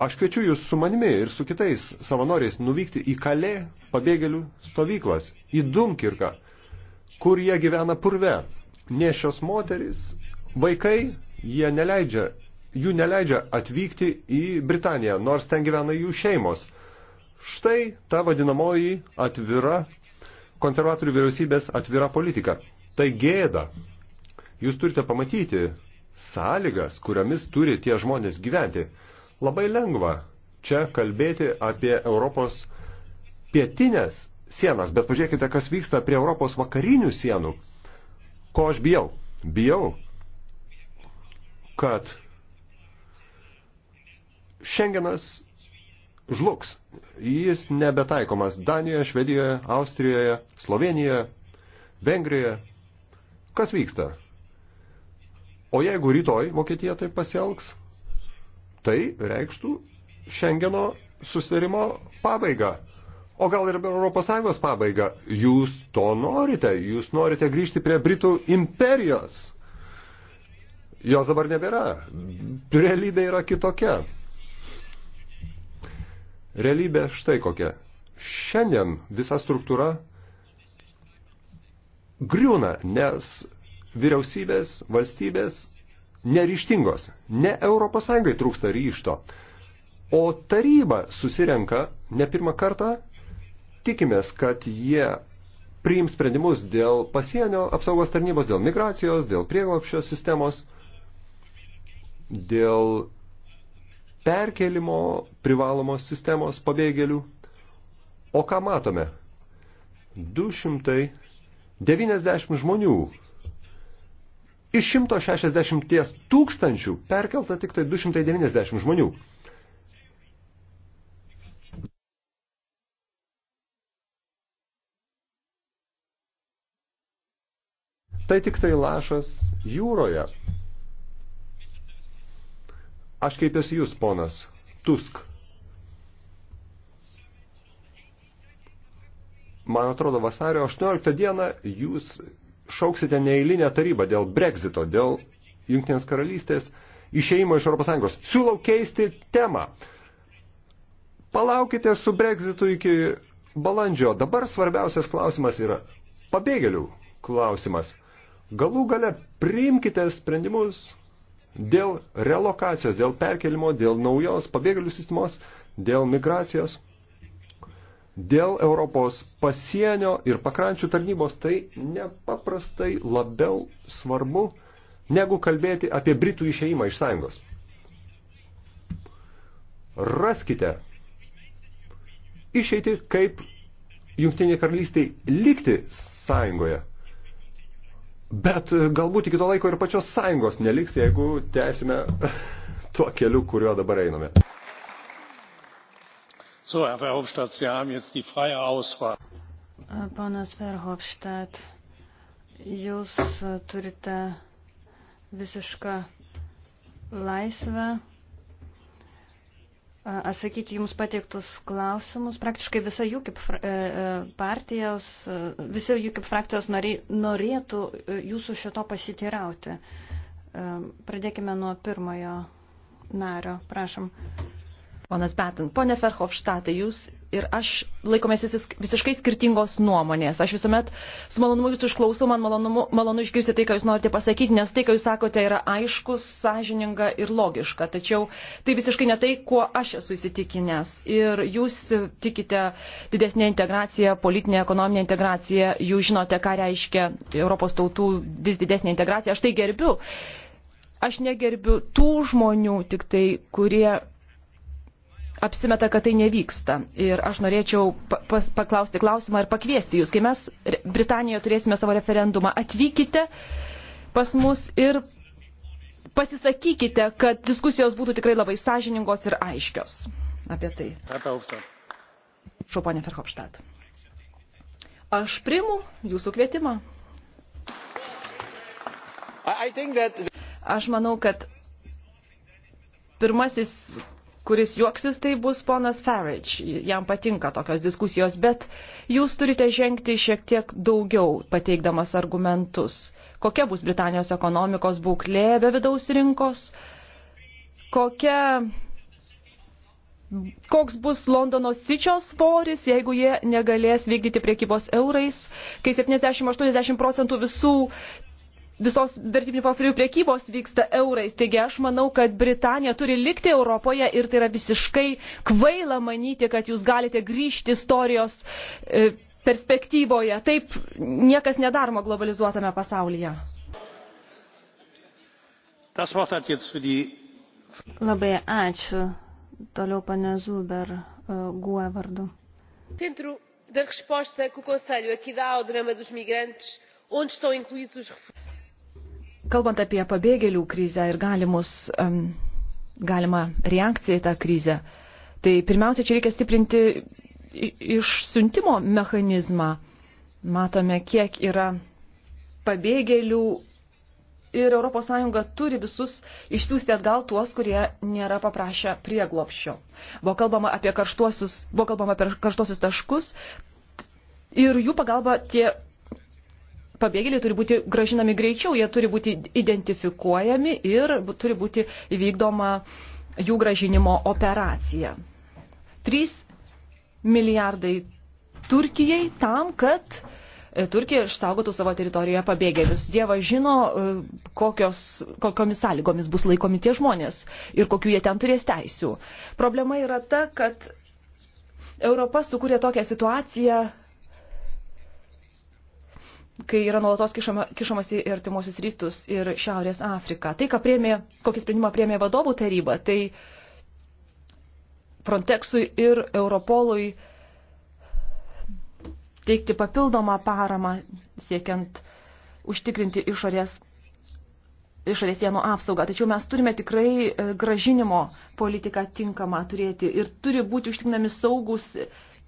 Aš kviečiu jūs su manimi ir su kitais savanoriais nuvykti į Kalė pabėgėlių stovyklas, į Dunkirką, kur jie gyvena purve. Nešios moterys, vaikai, jie neleidžia, jų neleidžia atvykti į Britaniją, nors ten gyvena jų šeimos. Štai ta vadinamoji atvira konservatorių vyriausybės atvira politika. Tai gėda. Jūs turite pamatyti sąlygas, kuriomis turi tie žmonės gyventi. Labai lengva čia kalbėti apie Europos pietinės sienas, bet pažiūrėkite, kas vyksta prie Europos vakarinių sienų. Ko aš bijau? Bijau, kad Šengenas žlugs. Jis nebetaikomas Danijoje, Švedijoje, Austrijoje, Slovenijoje, Vengrijoje. Kas vyksta? O jeigu rytoj Vokietija taip pasielgs, tai reikštų Šengeno susitarimo pabaigą. O gal ir ES pabaiga? Jūs to norite, jūs norite grįžti prie Britų imperijos. Jos dabar nebėra. Realybė yra kitokia. Realybė štai kokia. Šiandien visa struktūra griūna, nes vyriausybės, valstybės neryštingos. Ne ES trūksta ryšto. O taryba susirenka ne pirmą kartą tikimės, kad jie priims sprendimus dėl pasienio apsaugos tarnybos, dėl migracijos, dėl prieglopščio sistemos, dėl perkelimo privalomos sistemos pabėgėlių. O ką matome? 290 žmonių. Iš 160 tūkstančių perkelta tik tai 290 žmonių. tai tik tai lašas jūroje. Aš kreipiuosi jūs, ponas Tusk. Man atrodo, vasario 18 dieną jūs šauksite neeilinę tarybą dėl Brexito, dėl Junktinės karalystės išeimo iš ES. Siūlau keisti temą. Palaukite su Brexitu iki balandžio. Dabar svarbiausias klausimas yra pabėgėlių klausimas. Galų gale priimkite sprendimus dėl relokacijos, dėl perkelimo, dėl naujos pabėgėlių sistemos, dėl migracijos, dėl Europos pasienio ir pakrančių tarnybos. Tai nepaprastai labiau svarbu, negu kalbėti apie Britų išeimą iš sąjungos. Raskite išeiti, kaip Jungtinė karalystė likti sąjungoje. Bet e, galbūt iki to laiko ir pačios sąjungos neliks, jeigu tęsime tuo keliu, kuriuo dabar einame. So, Herr Verhofstadt, Sie haben jetzt die freie Auswahl. Ponas Verhofstadt, jūs turite visišką laisvę atsakyti jums pateiktus klausimus. Praktiškai visa UKIP e, e, partijos, e, visi UKIP frakcijos nariai norėtų jūsų šito pasitirauti. Pradėkime nuo pirmojo nario. Prašom. Ponas Betin, ponė Ferhofštatai, jūs ir aš laikomės visiškai skirtingos nuomonės. Aš visuomet su malonumu jūs išklausau, man malonumu, malonu išgirsti tai, ką jūs norite pasakyti, nes tai, ką jūs sakote, yra aiškus, sąžininga ir logiška. Tačiau tai visiškai ne tai, kuo aš esu įsitikinęs. Ir jūs tikite didesnė integracija, politinė, ekonominė integracija, jūs žinote, ką reiškia Europos tautų vis didesnė integracija. Aš tai gerbiu. Aš negerbiu tų žmonių, tik tai, kurie apsimeta, kad tai nevyksta. Ir aš norėčiau pas, paklausti klausimą ir pakviesti jūs. Kai mes Britanijoje turėsime savo referendumą, atvykite pas mus ir pasisakykite, kad diskusijos būtų tikrai labai sąžiningos ir aiškios apie tai. Šau, ponė Ferhofštat. Aš primu jūsų kvietimą. Aš manau, kad pirmasis kuris juoksis, tai bus ponas Farage. Jam patinka tokios diskusijos, bet jūs turite žengti šiek tiek daugiau, pateikdamas argumentus. Kokia bus Britanijos ekonomikos būklė be vidaus rinkos? Kokia koks bus Londono sičios svoris, jeigu jie negalės vykdyti priekybos eurais, kai 70-80 procentų visų visos vertybinių popierių priekybos vyksta eurais. Taigi aš manau, kad Britanija turi likti Europoje ir tai yra visiškai kvaila manyti, kad jūs galite grįžti istorijos e, perspektyvoje. Taip niekas nedaroma globalizuotame pasaulyje. Labai ačiū. Toliau pane Zuber, e, GUE vardu. Centro da resposta que o Conselho aqui dá ao drama dos migrantes, onde estão incluídos os refugiados? Kalbant apie pabėgėlių krizę ir galimus, um, galimą reakciją į tą krizę, tai pirmiausia, čia reikia stiprinti išsiuntimo mechanizmą. Matome, kiek yra pabėgėlių ir ES turi visus išsiųsti atgal tuos, kurie nėra paprašę prieglopščio. Buvo kalbama apie karštuosius, buvo kalbama apie karštuosius taškus ir jų pagalba tie pabėgėliai turi būti gražinami greičiau, jie turi būti identifikuojami ir turi būti įvykdoma jų gražinimo operacija. 3 milijardai Turkijai tam, kad e, Turkija išsaugotų savo teritorijoje pabėgėlius. Dievas žino, e, kokios, kokiomis sąlygomis bus laikomi tie žmonės ir kokiu jie ten turės teisių. Problema yra ta, kad Europa sukūrė tokią situaciją, kai yra nuolatos kišama, kišamasi ir Timosius rytus, ir Šiaurės Afriką. Tai, ką priemė, kokį sprendimą priemė vadovų taryba, tai Frontexui ir Europolui teikti papildomą paramą siekiant užtikrinti išorės, išorės sienų apsaugą. Tačiau mes turime tikrai e, gražinimo politiką tinkamą turėti ir turi būti užtikrinami saugus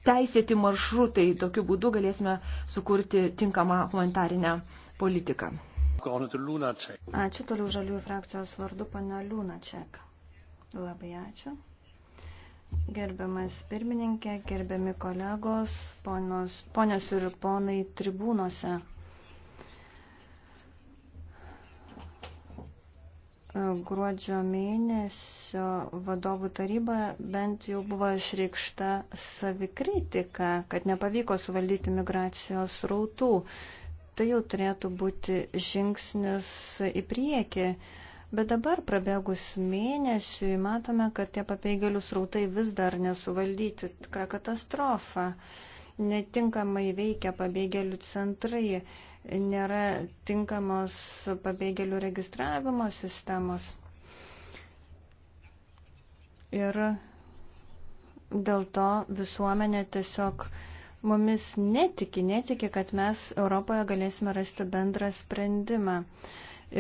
teisėti maršrutai. Tokiu būdu galėsime sukurti tinkamą humanitarinę politiką. Ačiū toliau žaliųjų frakcijos vardu, pana Liūnaček. Labai ačiū. Gerbiamas pirmininkė, gerbiami kolegos, ponios, ponios ir ponai tribūnose. E, gruodžio mėnesio vadovų taryboje bent jau buvo išreikšta savikritika, kad nepavyko suvaldyti migracijos rautų. Tai jau turėtų būti žingsnis į priekį. Bet dabar prabėgus mėnesiui matome, kad tie papėgėlių srautai vis dar nesuvaldyti tikra katastrofa. Netinkamai veikia pabėgėlių centrai nėra tinkamos pabėgėlių registravimo sistemos. Ir dėl to visuomenė tiesiog mumis netiki, netiki, kad mes Europoje galėsime rasti bendrą sprendimą.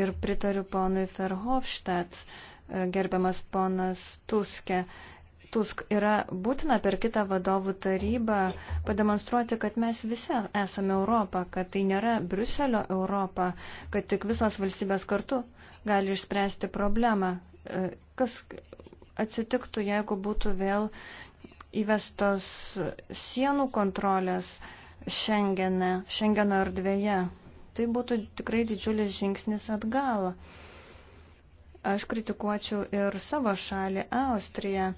Ir pritariu ponui Ferhofstadt, gerbiamas ponas Tuske, Tusk, yra būtina per kitą vadovų tarybą pademonstruoti, kad mes visi esame Europą, kad tai nėra Bruselio Europa, kad tik visos valstybės kartu gali išspręsti problemą. E, kas atsitiktų, jeigu būtų vėl įvestos sienų kontrolės Šengene, Šengeno erdvėje? Tai būtų tikrai didžiulis žingsnis atgal. Aš kritikuočiau ir savo šalį, Austriją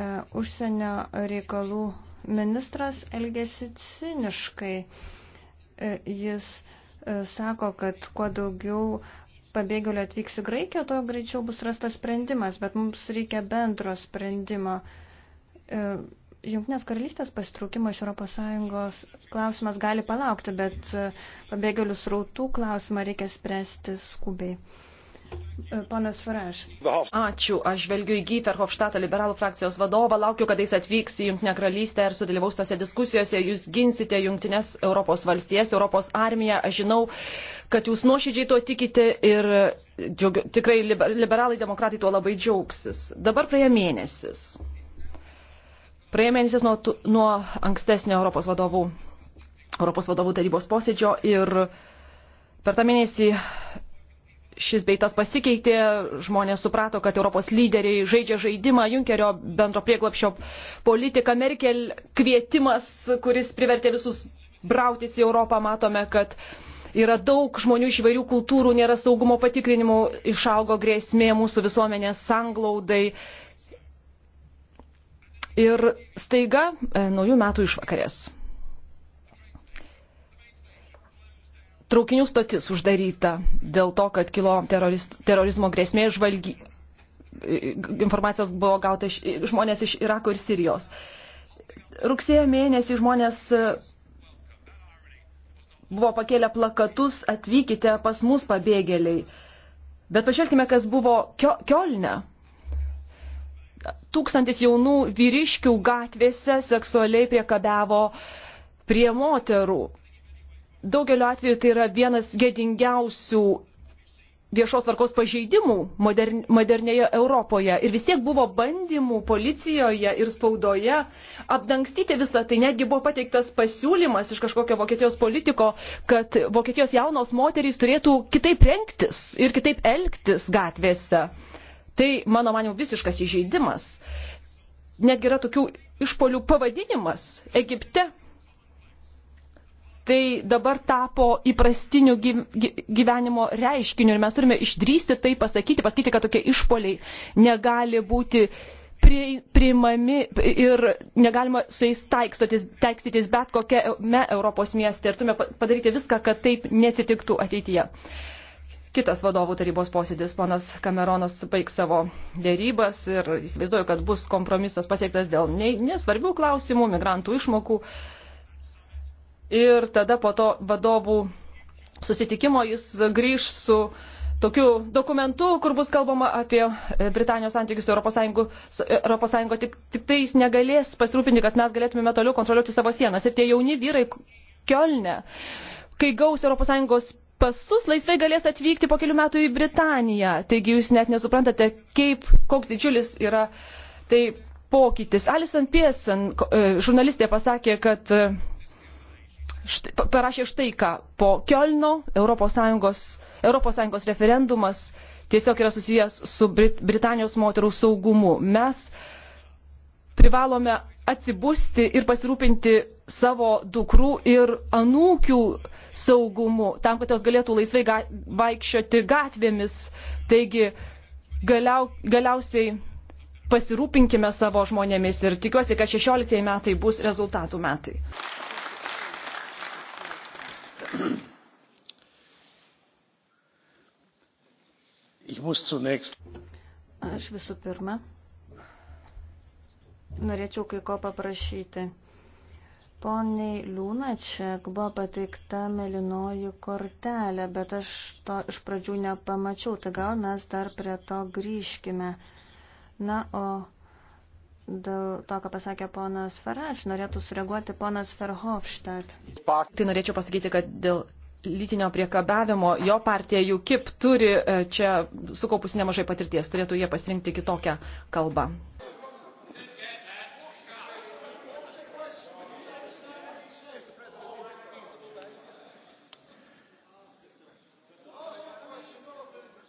E, užsienio reikalų ministras elgesi ciniškai. E, jis e, sako, kad kuo daugiau pabėgėlių atvyks į Graikiją, to greičiau bus rastas sprendimas, bet mums reikia bendro sprendimo. Junktinės karalystės pasitraukimo iš ES klausimas gali palaukti, bet pabėgėlių srautų klausimą reikia spręsti skubiai. E, ponas Faraš. Ačiū. Aš žvelgiu į Gyter Hofštatą, liberalų frakcijos vadovą. Laukiu, kada jis atvyks į Junktinę karalystę ir sudalyvaus tose diskusijose. Jūs ginsite Junktinės Europos valstijas, Europos armiją. Aš žinau, kad jūs nuoširdžiai tuo tikite ir džiug, tikrai liberalai demokratai tuo labai džiaugsis. Dabar praėjo mėnesis. Praėjo mėnesis nuo, nuo ankstesnio Europos vadovų, Europos vadovų tarybos posėdžio ir per tą mėnesį šis beitas pasikeitė, žmonės suprato, kad Europos lyderiai žaidžia žaidimą, Junkerio bendro prieglapšio politika, Merkel kvietimas, kuris privertė visus brautis į Europą, matome, kad yra daug žmonių iš įvairių kultūrų, nėra saugumo patikrinimų, išaugo grėsmė mūsų visuomenės sanglaudai. Ir staiga e, naujų metų išvakarės traukinių stotis uždaryta dėl to, kad kilo terorist, terorizmo grėsmė žvalgy. Informacijos buvo gauta iš, žmonės iš Irako ir Sirijos. Rugsėjo mėnesį žmonės e, buvo pakėlę plakatus, atvykite pas mus pabėgėliai. Bet pažvelkime, kas buvo kio, Kiolne. Tūkstantis jaunų vyriškių gatvėse seksualiai priekabiavo prie moterų daugeliu atveju tai yra vienas gėdingiausių viešos tvarkos pažeidimų modern, modernėje Europoje. Ir vis tiek buvo bandymų policijoje ir spaudoje apdangstyti visą tai. Netgi buvo pateiktas pasiūlymas iš kažkokio Vokietijos politiko, kad Vokietijos jaunos moterys turėtų kitaip rengtis ir kitaip elgtis gatvėse. Tai, mano manimu, visiškas įžeidimas. Netgi yra tokių išpolių pavadinimas Egipte tai dabar tapo įprastiniu gyvenimo reiškiniu ir mes turime išdrysti tai pasakyti, pasakyti, kad tokie išpoliai negali būti priimami ir negalima su jais taikstytis, taikstytis bet kokiame Europos mieste ir turime padaryti viską, kad taip neatsitiktų ateityje. Kitas vadovų tarybos posėdis, ponas Kameronas baigs savo dėrybas ir įsivaizduoju, kad bus kompromisas pasiektas dėl nesvarbių klausimų, migrantų išmokų, uh, ir tada po to vadovų susitikimo jis grįž su tokiu dokumentu, kur bus kalbama apie e, Britanijos santykius su Europos, Sąjungu, e, Europos Sąjungo, tik, tik tai jis negalės pasirūpinti, kad mes galėtumėme toliau kontroliuoti savo sienas. Ir tie jauni vyrai Kielne, kai gaus Europos Sąjungos pasus laisvai galės atvykti po kelių metų į Britaniją. Taigi jūs net nesuprantate, kaip, koks didžiulis yra tai pokytis. Alison Piesen, e, žurnalistė, pasakė, kad štai, parašė štai ką po Kielno Europos Sąjungos, Europos Sąjungos referendumas tiesiog yra susijęs su Brit Britanijos moterų saugumu. Mes privalome atsibusti ir pasirūpinti savo dukrų ir anūkių saugumu, tam, kad jos galėtų laisvai ga vaikščioti gatvėmis. Taigi galiau, galiausiai pasirūpinkime savo žmonėmis ir tikiuosi, kad 16 metai bus rezultatų metai. Aš visų pirma norėčiau kai ko paprašyti. Poniai Liūnačiak buvo pateikta melinoji kortelė, bet aš to iš pradžių nepamačiau, tai gal mes dar prie to grįžkime. Na, o dėl to, ką pasakė ponas Farač, norėtų sureaguoti ponas Verhofstadt. Tai norėčiau pasakyti, kad dėl lytinio priekabavimo jo partija UKIP turi e, čia sukaupus nemažai patirties, turėtų jie pasirinkti kitokią kalbą.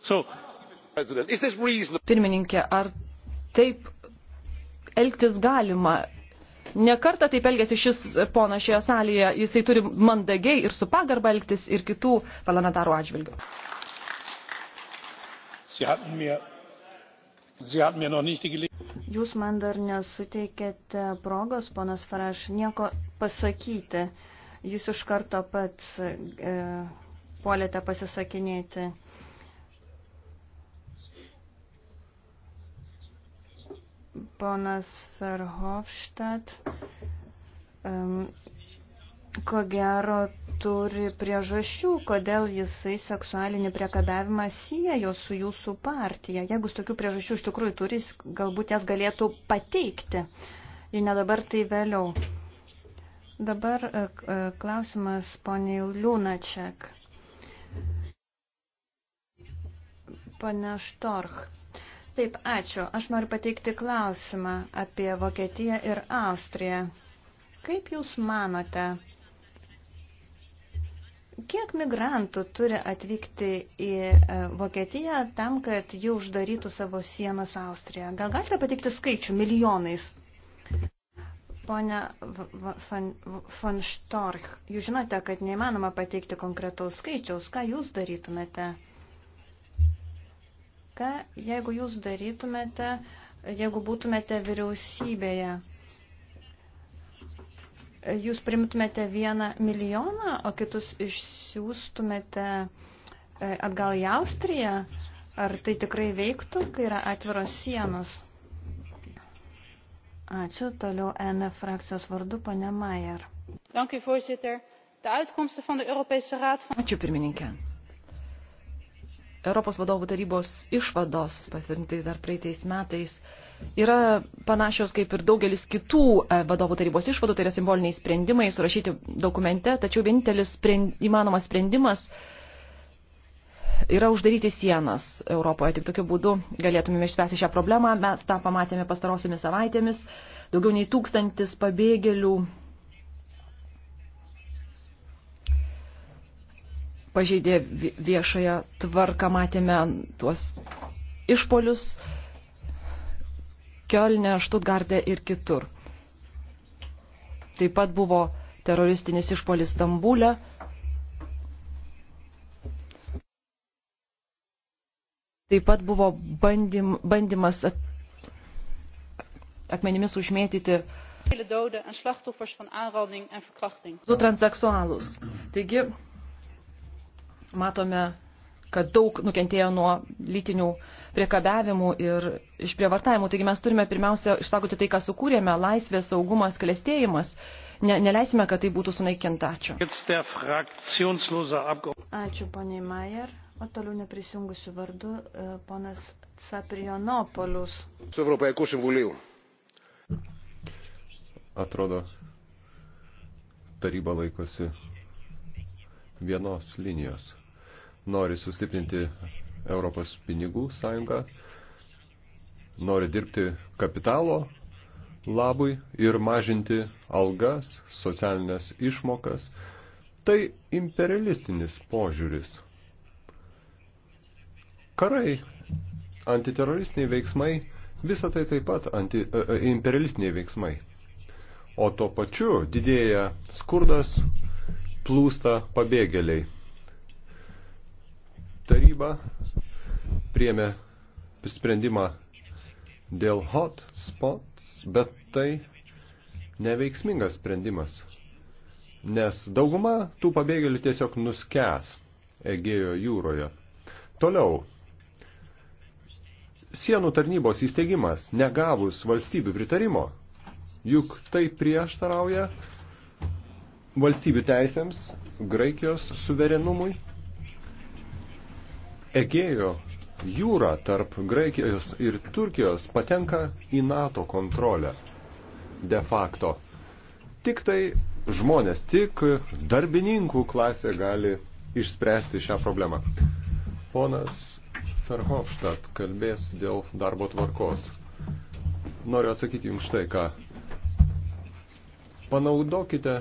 So, Pirmininkė, ar taip elgtis galima. Nekartą taip elgėsi šis pona šioje salėje, jisai turi mandagiai ir su pagarba elgtis ir kitų parlamentarų atžvilgių. Jūs man dar nesuteikėte progos, ponas Faraš, nieko pasakyti. Jūs iš karto pats e, puolėte pasisakinėti. ponas Ferhofštat um, ko gero turi priežasčių, kodėl jisai seksualinį priekabiavimą siejo su jūsų partija. Jeigu jis tokių priežasčių iš tikrųjų turi, galbūt jas galėtų pateikti. Jei ne dabar, tai vėliau. Dabar e, e, klausimas poniai Liūnačiak. Pane Štorch. Taip, ačiū. Aš noriu pateikti klausimą apie Vokietiją ir Austriją. Kaip Jūs manote, kiek migrantų turi atvykti į e, Vokietiją tam, kad jų uždarytų savo sieną su Austrija? Gal galite pateikti skaičių milijonais? Pone von Storch, jūs žinote, kad neįmanoma pateikti konkretaus skaičiaus. Ką jūs darytumėte? Ką jeigu jūs darytumėte, jeigu būtumėte vyriausybėje? Jūs primtumėte vieną milijoną, o kitus išsiųstumėte e, atgal į Austriją? Ar tai tikrai veiktų, kai yra atviros sienos? Ačiū. Toliau NF frakcijos vardu pane Mayer. Ačiū pirmininkė. Europos vadovų tarybos išvados patvirtintais dar praeitais metais yra panašios kaip ir daugelis kitų e, vadovų tarybos išvadų, tai yra simboliniai sprendimai surašyti dokumente, tačiau vienintelis sprend, įmanomas sprendimas yra uždaryti sienas Europoje. Tik tokiu būdu galėtumėme išspręsti šią problemą. Mes tą pamatėme pastarosiomis savaitėmis. Daugiau nei tūkstantis pabėgėlių pažeidė viešąją tvarką, matėme tuos išpolius Kielne, Štutgardė ir kitur. Taip pat buvo teroristinis išpolis Stambulė. Taip pat buvo bandym, bandymas ak akmenimis užmėtyti vele doden en slachtoffers van aanranding en verkrachting. Du transseksualus. Taigi, matome, kad daug nukentėjo nuo lytinių priekabiavimų ir išprievartavimų. Taigi mes turime pirmiausia išsaugoti tai, ką sukūrėme - laisvė, saugumas, klėstėjimas. Ne, neleisime, kad tai būtų sunaikinta. Ačiū. Ačiū, poniai Majer. O toliau neprisijungusiu vardu e, ponas Caprionopolius. Su Europaiku Simvuliu. Atrodo, taryba laikosi vienos linijos nori sustiprinti Europos pinigų sąjungą, nori dirbti kapitalo labui ir mažinti algas, socialinės išmokas. Tai imperialistinis požiūris. Karai, antiteroristiniai veiksmai, visa tai taip pat anti, e, e imperialistiniai veiksmai. O tuo pačiu didėja skurdas, plūsta pabėgėliai. Taryba priemė sprendimą dėl hot spots, bet tai neveiksmingas sprendimas, nes dauguma tų pabėgėlių tiesiog nuskęs Egėjo jūroje. Toliau. Sienų tarnybos įsteigimas negavus valstybių pritarimo, juk tai prieštarauja valstybių teisėms, Graikijos suverenumui Egėjo jūra tarp Graikijos ir Turkijos patenka į NATO kontrolę. De facto. Tik tai žmonės, tik darbininkų klasė gali išspręsti šią problemą. Ponas Ferhofstadt kalbės dėl darbo tvarkos. Noriu atsakyti jums štai ką. Panaudokite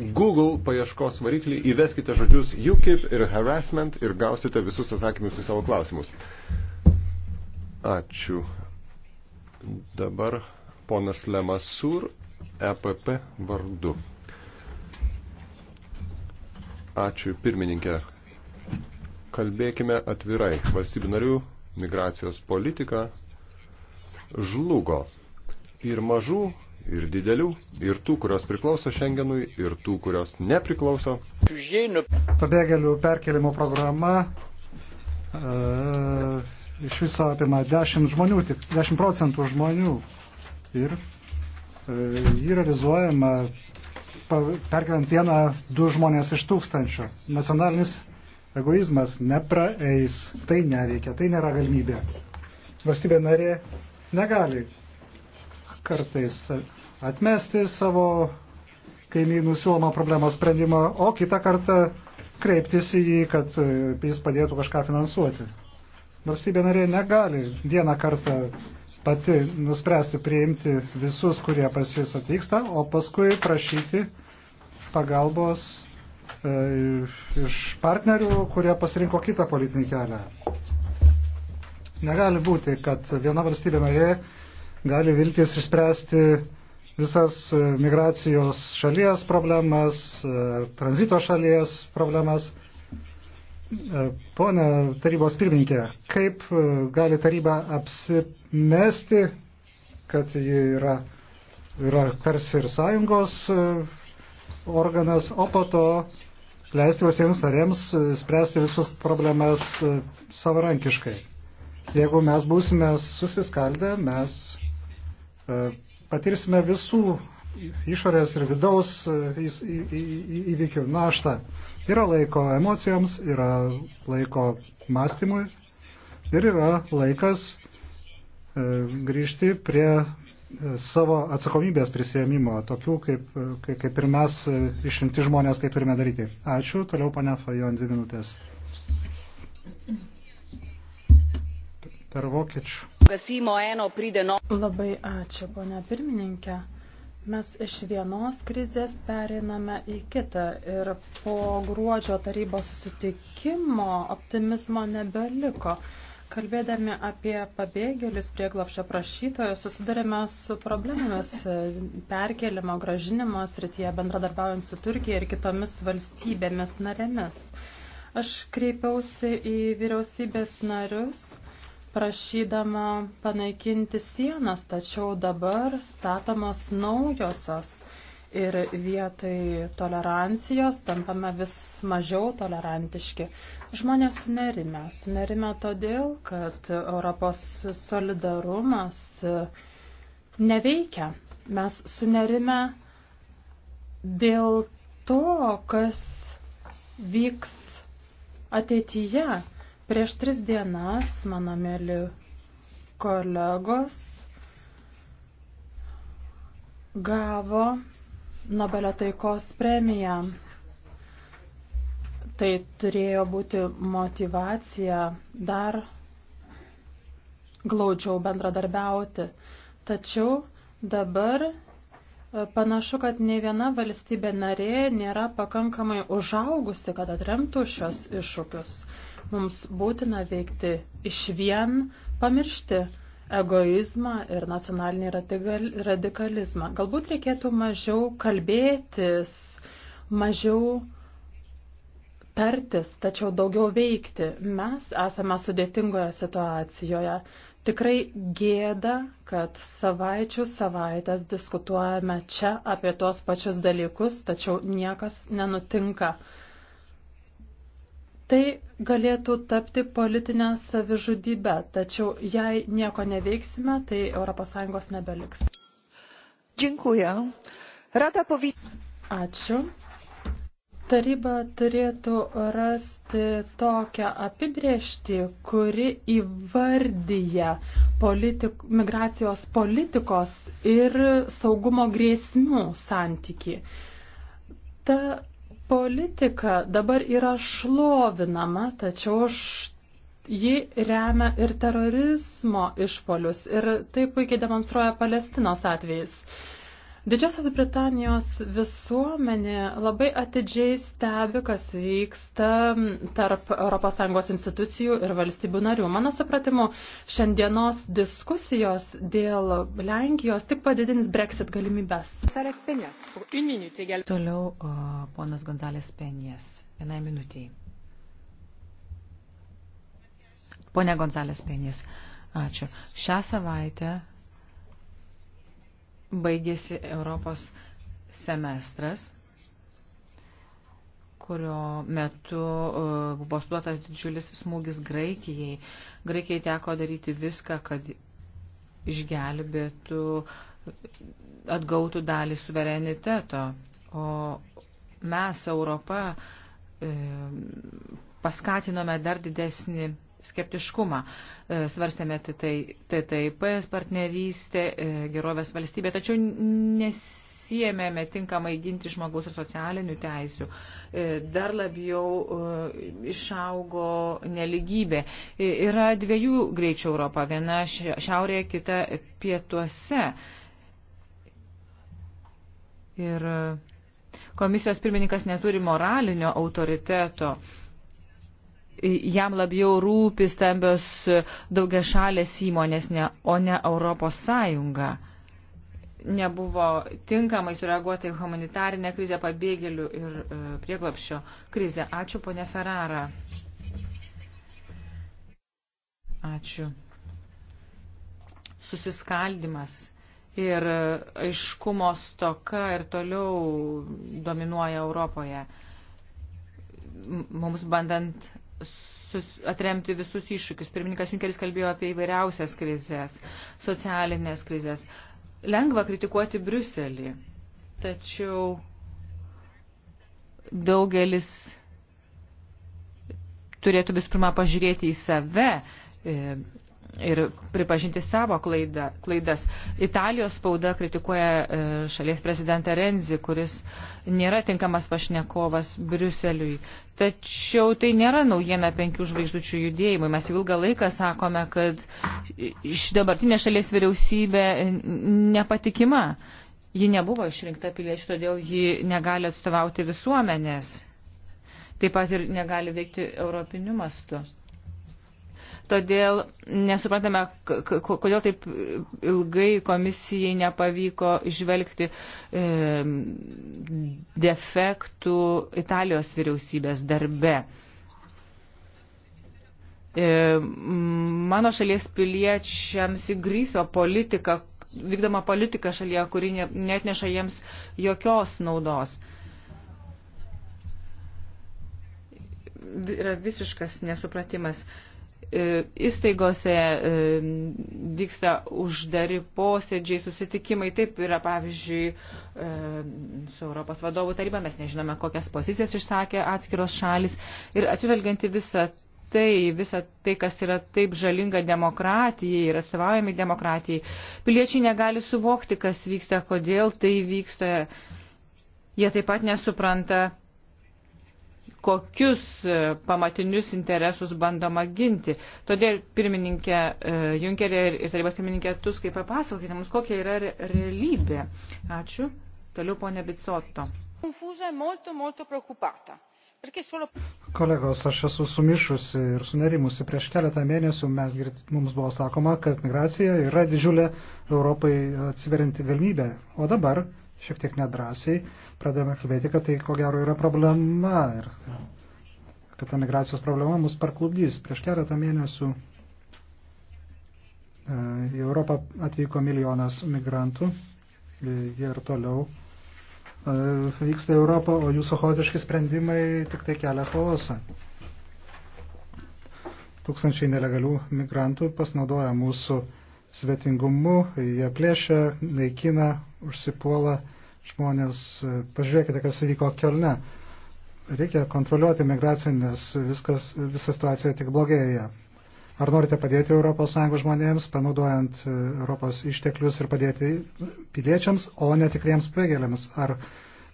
Google paieškos variklį, įveskite žodžius UKIP ir harassment ir gausite visus atsakymus į savo klausimus. Ačiū. Dabar ponas Lemasur, EPP vardu. Ačiū pirmininkė. Kalbėkime atvirai. Valstybių narių migracijos politika žlugo. Ir mažų ir didelių, ir tų, kurios priklauso Šengenui, ir tų, kurios nepriklauso. Pabėgėlių perkelimo programa e, iš viso apima 10 žmonių, tik 10 procentų žmonių. Ir e, jį realizuojama perkeliant vieną, du žmonės iš tūkstančio. Nacionalinis egoizmas nepraeis, tai neveikia, tai nėra galimybė. Valstybė narė negali kartais atmesti savo kaimynų siūlomą problemos sprendimą, o kitą kartą kreiptis į jį, kad e, jis padėtų kažką finansuoti. Valstybė narė negali vieną kartą pati nuspręsti priimti visus, kurie pas jūs atvyksta, o paskui prašyti pagalbos e, iš partnerių, kurie pasirinko kitą politinį kelią. Negali būti, kad viena valstybė narė gali viltis išspręsti visas e, migracijos šalies problemas, e, tranzito šalies problemas. E, pone tarybos pirmininkė, kaip gali taryba apsimesti, kad ji yra, yra tarsi ir sąjungos organas, o po to leisti visiems narėms spręsti visus problemas savarankiškai. Jeigu mes būsime susiskaldę, mes E, patirsime visų išorės ir vidaus e, įvykių naštą. Yra laiko emocijoms, yra laiko mąstymui ir yra laikas e, grįžti prie savo atsakomybės prisėmimo, tokių kaip, kaip ir mes išrinkti žmonės tai turime daryti. Ačiū, toliau pane Fajon, dvi minutės. Per vokiečių gasimo eno pride no. Labai ačiū, ponia pirmininkė. Mes iš vienos krizės periname į kitą ir po gruodžio tarybos susitikimo optimizmo nebeliko. Kalbėdami apie pabėgėlius prieglapšio prašytojus, susidurime su problemomis perkelimo, gražinimo srityje, bendradarbiaujant su Turkija ir kitomis valstybėmis narėmis. Aš kreipiausi į vyriausybės narius prašydama panaikinti sienas, tačiau dabar statomos naujosios ir vietoj tolerancijos tampame vis mažiau tolerantiški. Žmonės sunerime. Sunerime todėl, kad Europos solidarumas neveikia. Mes sunerime dėl to, kas vyks ateityje. Prieš tris dienas, mano mėly kolegos, gavo Nobelio taikos premiją. Tai turėjo būti motivacija dar glaudžiau bendradarbiauti. Tačiau dabar e, panašu, kad ne viena valstybė narė nėra pakankamai užaugusi, kad atremtų šios iššūkius. Mums būtina veikti iš vien, pamiršti egoizmą ir nacionalinį radikalizmą. Galbūt reikėtų mažiau kalbėtis, mažiau tartis, tačiau daugiau veikti. Mes esame sudėtingoje situacijoje. Tikrai gėda, kad savaičių savaitės diskutuojame čia apie tuos pačius dalykus, tačiau niekas nenutinka. Tai galėtų tapti politinę savižudybę, tačiau jei nieko neveiksime, tai ES nebeliks. Dziękuję. Rada powi... Ačiū. Taryba turėtų rasti tokią apibriežtį, kuri įvardyja politik, migracijos politikos ir saugumo grėsmių santyki. Ta Politika dabar yra šlovinama, tačiau ji remia ir terorizmo išpolius ir tai puikiai demonstruoja Palestinos atvejais. Didžiosios Britanijos visuomenė labai atidžiai stebi, kas vyksta tarp ES institucijų ir valstybių narių. Mano supratimu, šiandienos diskusijos dėl Lenkijos tik padidins Brexit galimybės. Toliau o, ponas Gonzalės Penės. Vienai minutiai. Pone Gonzalės Penės. Ačiū. Šią savaitę baigėsi Europos semestras, kurio metu e, buvo duotas didžiulis smūgis Graikijai. Graikijai teko daryti viską, kad išgelbėtų, atgautų dalį suvereniteto. O mes, Europa, e, paskatinome dar didesnį skeptiškumą. E, svarstėme TTIP, partnerystę, e, gerovės valstybę, tačiau nesijėmėme tinkamai ginti žmogaus ir socialinių teisių. E, dar labiau išaugo neligybė. Yra dviejų greičių Europa, viena šiaurėje, kita pietuose. Ir komisijos pirmininkas neturi moralinio autoriteto jam labiau rūpi stambios daugia šalės įmonės, ne, o ne Europos Sąjunga. Nebuvo tinkamai sureaguota į humanitarinę krizę, pabėgėlių ir e, prieglapščio krizę. Ačiū, ponė Ferrara. Ačiū. Susiskaldimas ir aiškumo stoka ir toliau dominuoja Europoje mums bandant atremti visus iššūkius. Pirmininkas Junkeris kalbėjo apie įvairiausias krizės, socialinės krizės. Lengva kritikuoti Briuselį, tačiau daugelis turėtų vis pirma pažiūrėti į save, e, ir pripažinti savo klaida, klaidas. Italijos spauda kritikuoja e, šalies prezidentą Renzi, kuris nėra tinkamas pašnekovas Briuseliui. Tačiau tai nėra naujiena penkių žvaigždučių judėjimui. Mes jau ilgą laiką sakome, kad iš dabartinė šalies vyriausybė nepatikima. Ji nebuvo išrinkta piliečių, todėl ji negali atstovauti visuomenės. Taip pat ir negali veikti europiniu mastu. Todėl nesuprantame, kodėl taip ilgai komisijai nepavyko išvelgti e, defektų Italijos vyriausybės darbe. E, mano šalies piliečiams įgryso politika, vykdoma politika šalyje, kuri ne, netneša jiems jokios naudos. Yra visiškas nesupratimas. E, E, įstaigose e, vyksta uždari posėdžiai, susitikimai. Taip yra, pavyzdžiui, e, su Europos vadovų taryba, mes nežinome, kokias pozicijas išsakė atskiros šalis. Ir atsivelgianti visą tai, visą tai, kas yra taip žalinga demokratijai ir atstovaujami demokratijai, piliečiai negali suvokti, kas vyksta, kodėl tai vyksta. Jie taip pat nesupranta kokius e, pamatinius interesus bandoma ginti. Todėl pirmininkė e, Junkerė ir tarybos pirmininkė Tuskai papasakokite mums, kokia yra realybė. Ačiū. Toliau ponė Bicotto. Kolegos, aš esu sumišusi ir sunerimusi. Prieš keletą mėnesių mes, mums buvo sakoma, kad migracija yra didžiulė Europai atsiverinti galimybė. O dabar šiek tiek nedrasiai pradėjome kalbėti, kad tai ko gero yra problema ir kad ta migracijos problema mus parklubdys. Prieš keletą mėnesių e, į Europą atvyko milijonas migrantų, e, jie ir toliau e, vyksta Europą, o jūsų chaotiški sprendimai tik tai kelia chaosą. Tūkstančiai nelegalių migrantų pasinaudoja mūsų uh, svetingumu, jie plėšia, naikina, užsipuola žmonės. Pažiūrėkite, kas įvyko kelne. Reikia kontroliuoti migraciją, nes viskas, visa situacija tik blogėja. Ar norite padėti ES žmonėms, panaudojant e, Europos išteklius ir padėti piliečiams, o ne tikriems pabėgėliams? Ar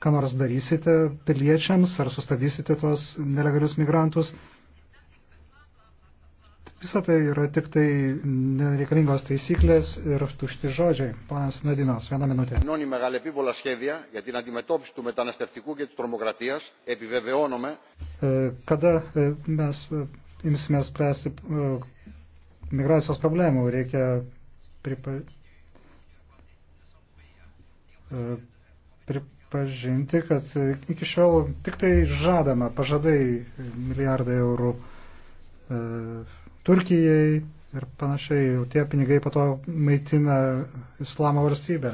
ką nors darysite piliečiams, ar sustabdysite tuos nelegalius migrantus? Visą tai yra tik tai nereikalingos taisyklės ir tušti žodžiai. Ponas Nadinos, vieną minutę. Νόνι μεγάλη επίβολα σχέδια για την αντιμετώπιση του μεταναστευτικού και της τρομοκρατίας επιβεβαιώνομαι. Kada e, mes e, imsime spręsti e, migracijos problemų, reikia pripa... pripažinti, kad iki šiol tik tai žadama pažadai milijardai eurų. Uh, Turkijai ir panašiai. Tie pinigai po to maitina islamo valstybę.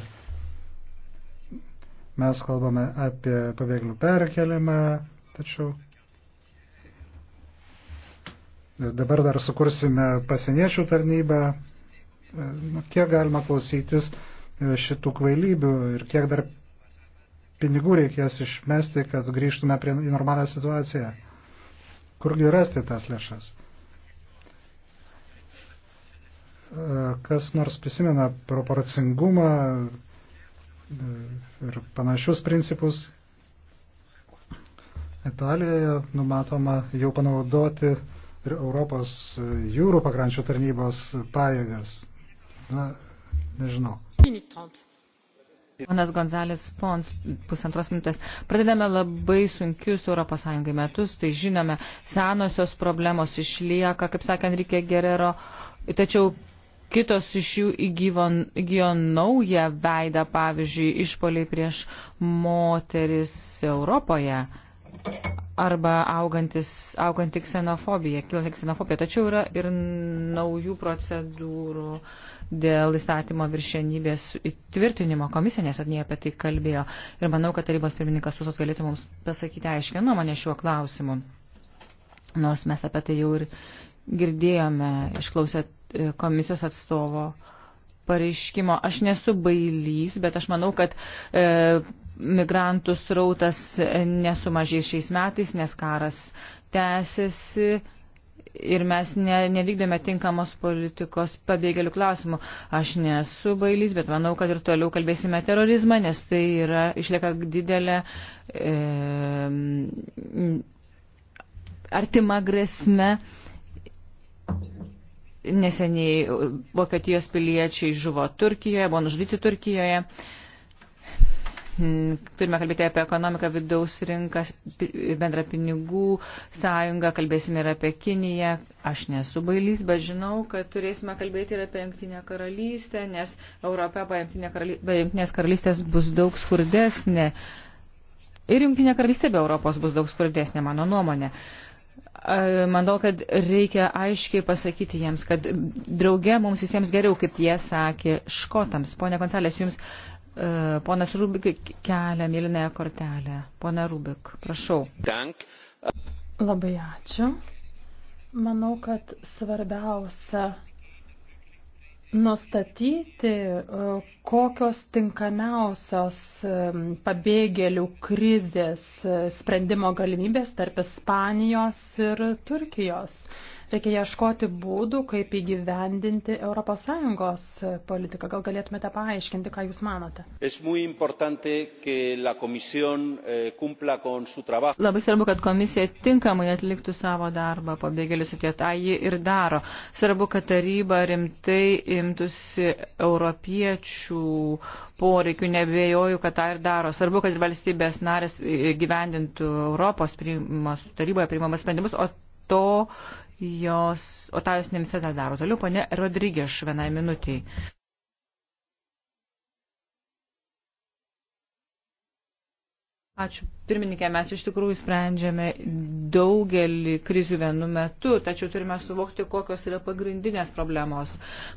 Mes kalbame apie pabėglių perkelimą, tačiau dabar dar sukursime pasieniečių tarnybą. Kiek galima klausytis šitų kvailybių ir kiek dar pinigų reikės išmesti, kad grįžtume prie normalią situaciją. Kurgi rasti tas lėšas? kas nors prisimena proporcingumą e, ir panašius principus. Italijoje numatoma jau panaudoti ir Europos jūrų pakrančių tarnybos pajėgas. Na, nežinau. Ponas Gonzalės Pons, pusantros minutės. Pradedame labai sunkius ES metus, tai žinome, senosios problemos išlieka, kaip sakė Enrique Gerero, tačiau kitos iš jų įgyjo naują veidą, pavyzdžiui, išpoliai prieš moteris Europoje arba augantis, auganti ksenofobija, kilanti ksenofobija. Tačiau yra ir naujų procedūrų dėl įstatymo viršienybės įtvirtinimo komisija, nes atnėjo apie tai kalbėjo. Ir manau, kad tarybos pirmininkas Susas galėtų mums pasakyti aiškę nuomonę šiuo klausimu. Nors mes apie tai jau ir girdėjome, išklausę E, komisijos atstovo pareiškimo. Aš nesu bailys, bet aš manau, kad e, migrantų srautas nesumažės šiais metais, nes karas tęsiasi ir mes ne, nevykdome tinkamos politikos pabėgėlių klausimų. Aš nesu bailys, bet manau, kad ir toliau kalbėsime terorizmą, nes tai yra išlieka didelė. E, artima grėsme Neseniai Vokietijos piliečiai žuvo Turkijoje, buvo nužudyti Turkijoje. Hmm, turime kalbėti apie ekonomiką, vidaus rinkas, bendrą pinigų sąjungą, kalbėsime ir apie Kiniją. Aš nesu bailys, bet žinau, kad turėsime kalbėti ir apie Junktinę karalystę, nes Europa be Junktinės karalystės bus daug skurdesnė. Ir Junktinė karalystė be Europos bus daug skurdesnė, mano nuomonė. Manau, kad reikia aiškiai pasakyti jiems, kad drauge mums visiems geriau, kaip jie sakė škotams. Pone Koncelės, jums e, ponas Rubik kelia mylinę kortelę. Pone Rubik, prašau. Dank. Labai ačiū. Manau, kad svarbiausia nustatyti, e, kokios tinkamiausios e, pabėgėlių krizės e, sprendimo galimybės tarp Ispanijos ir Turkijos. Reikia ieškoti būdų, kaip įgyvendinti ES politiką. Gal galėtumėte paaiškinti, ką Jūs manote? Eh, Labai svarbu, kad komisija tinkamai atliktų savo darbą pabėgėlių sutie. Tai ji ir daro. Svarbu, kad taryba rimtai imtųsi europiečių poreikių, nebejoju, kad tą ir daro. Svarbu, kad ir valstybės narės gyvendintų Europos priimas, taryboje priimamas sprendimus, o to jos, o tą jūs ne visada daro. Toliau, ponė Rodrygėš, vienai minutiai. Ačiū. Pirmininkė, mes iš tikrųjų sprendžiame daugelį krizių vienu metu, tačiau turime suvokti, kokios yra pagrindinės problemos,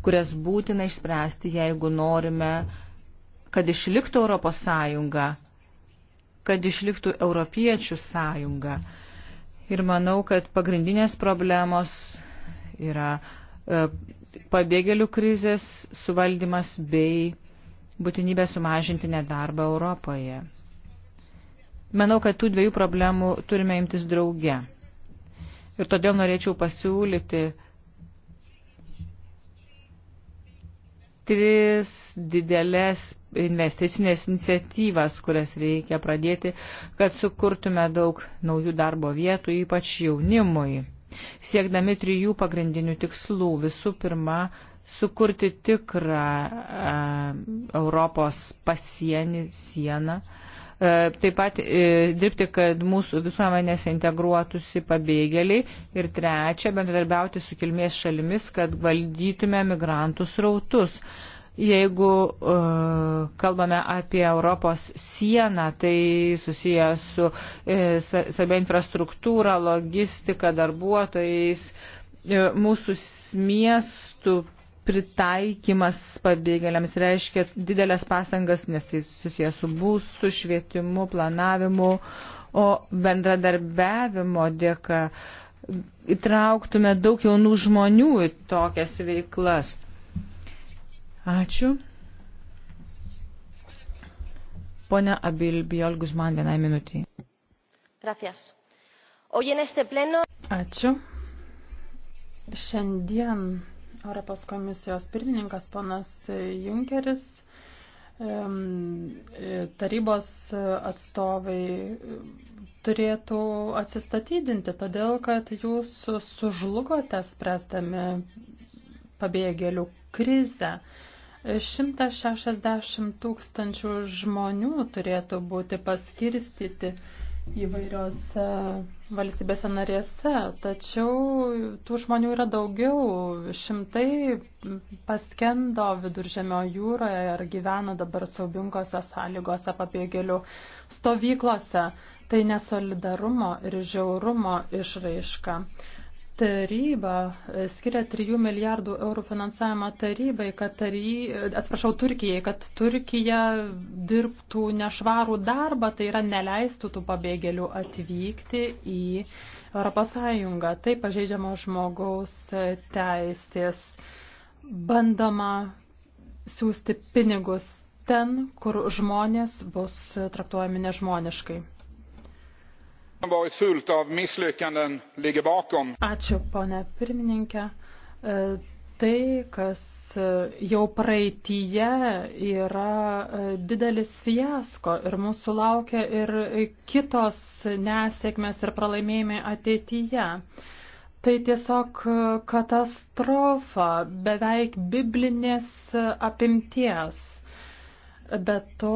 kurias būtina išspręsti, jeigu norime, kad išliktų Europos sąjunga, kad išliktų Europiečių sąjunga. Mhm Ir manau, kad pagrindinės problemos yra e, pabėgėlių krizės suvaldymas bei būtinybė sumažinti nedarbą Europoje. Manau, kad tų dviejų problemų turime imtis drauge. Ir todėl norėčiau pasiūlyti tris didelės investicinės iniciatyvas, kurias reikia pradėti, kad sukurtume daug naujų darbo vietų, ypač jaunimui. Siekdami trijų pagrindinių tikslų, visų pirma, sukurti tikrą e, Europos pasienį sieną, e, taip pat e, dirbti, kad mūsų visuomenėse integruotųsi pabėgėliai ir trečia, bendradarbiauti su kilmės šalimis, kad valdytume migrantų srautus. E, Jeigu uh, kalbame apie Europos sieną, tai susiję su uh, savia infrastruktūra, logistika, darbuotojais, uh, mūsų miestų pritaikymas pabėgėliams reiškia didelės pasangas, nes tai susiję su būstu, švietimu, planavimu, o bendradarbiavimo dėka įtrauktume daug jaunų žmonių į tokias veiklas. Ačiū. Pone Abil Biol Guzman, vienai minutiai. Gracias. Hoy en este pleno. Ačiū. Šiandien Europos komisijos pirmininkas ponas Junkeris, tarybos atstovai turėtų atsistatydinti, todėl kad jūs sužlugote spręsdami pabėgėlių krizę. 160 tūkstančių žmonių turėtų būti paskirstyti įvairiose valstybėse narėse, tačiau tų žmonių yra daugiau. Šimtai paskendo viduržemio jūroje ir gyvena dabar saubingose sąlygose pabėgėlių stovyklose. Tai nesolidarumo ir žiaurumo išraiška taryba e, skiria 3 milijardų eurų finansavimą tarybai, kad tary, e, atsiprašau, Turkijai, kad Turkija dirbtų nešvarų darbą, tai yra neleistų tų pabėgėlių atvykti į Europos Sąjungą. Tai pažeidžiama žmogaus teisės. Bandama siūsti pinigus ten, kur žmonės bus traktuojami nežmoniškai. Ačiū, ponė pirmininkė. E, tai, kas e, jau praeitie yra e, didelis fiasko ir mūsų laukia ir kitos nesėkmės ir pralaimėjimai ateityje. Tai tiesiog katastrofa, beveik biblinės apimties. Be to,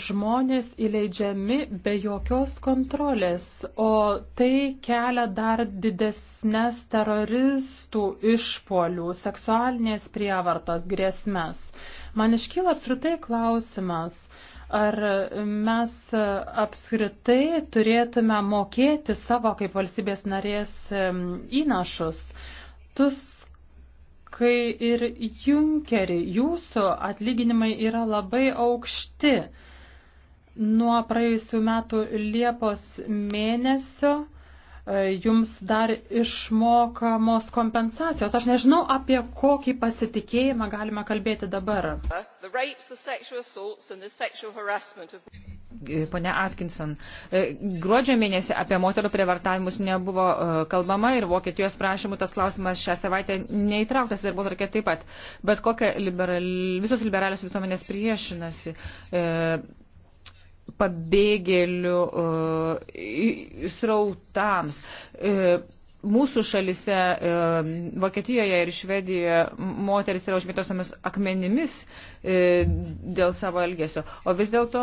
žmonės įleidžiami be jokios kontrolės, o tai kelia dar didesnės teroristų išpolių, seksualinės prievartos grėsmės. Man iškyla apskritai klausimas, ar mes apskritai turėtume mokėti savo kaip valstybės narės įnašus. Tusk kai ir Junkeri, jūsų atlyginimai yra labai aukšti. Nuo praėjusių metų Liepos mėnesio e, jums dar išmokamos kompensacijos. Aš nežinau, apie kokį pasitikėjimą galime kalbėti dabar. E, Pone Atkinson, e, gruodžio mėnesį apie moterų prievartavimus nebuvo kalbama ir Vokietijos prašymų tas klausimas šią savaitę neįtrauktas darbo tarkė taip pat. Bet kokia liberal, visos liberalios visuomenės priešinasi. E, pabėgėlių e, srautams. E, mūsų šalise, e, Vokietijoje ir Švedijoje, moteris yra užmėtosomis akmenimis e, dėl savo elgesio. O vis dėlto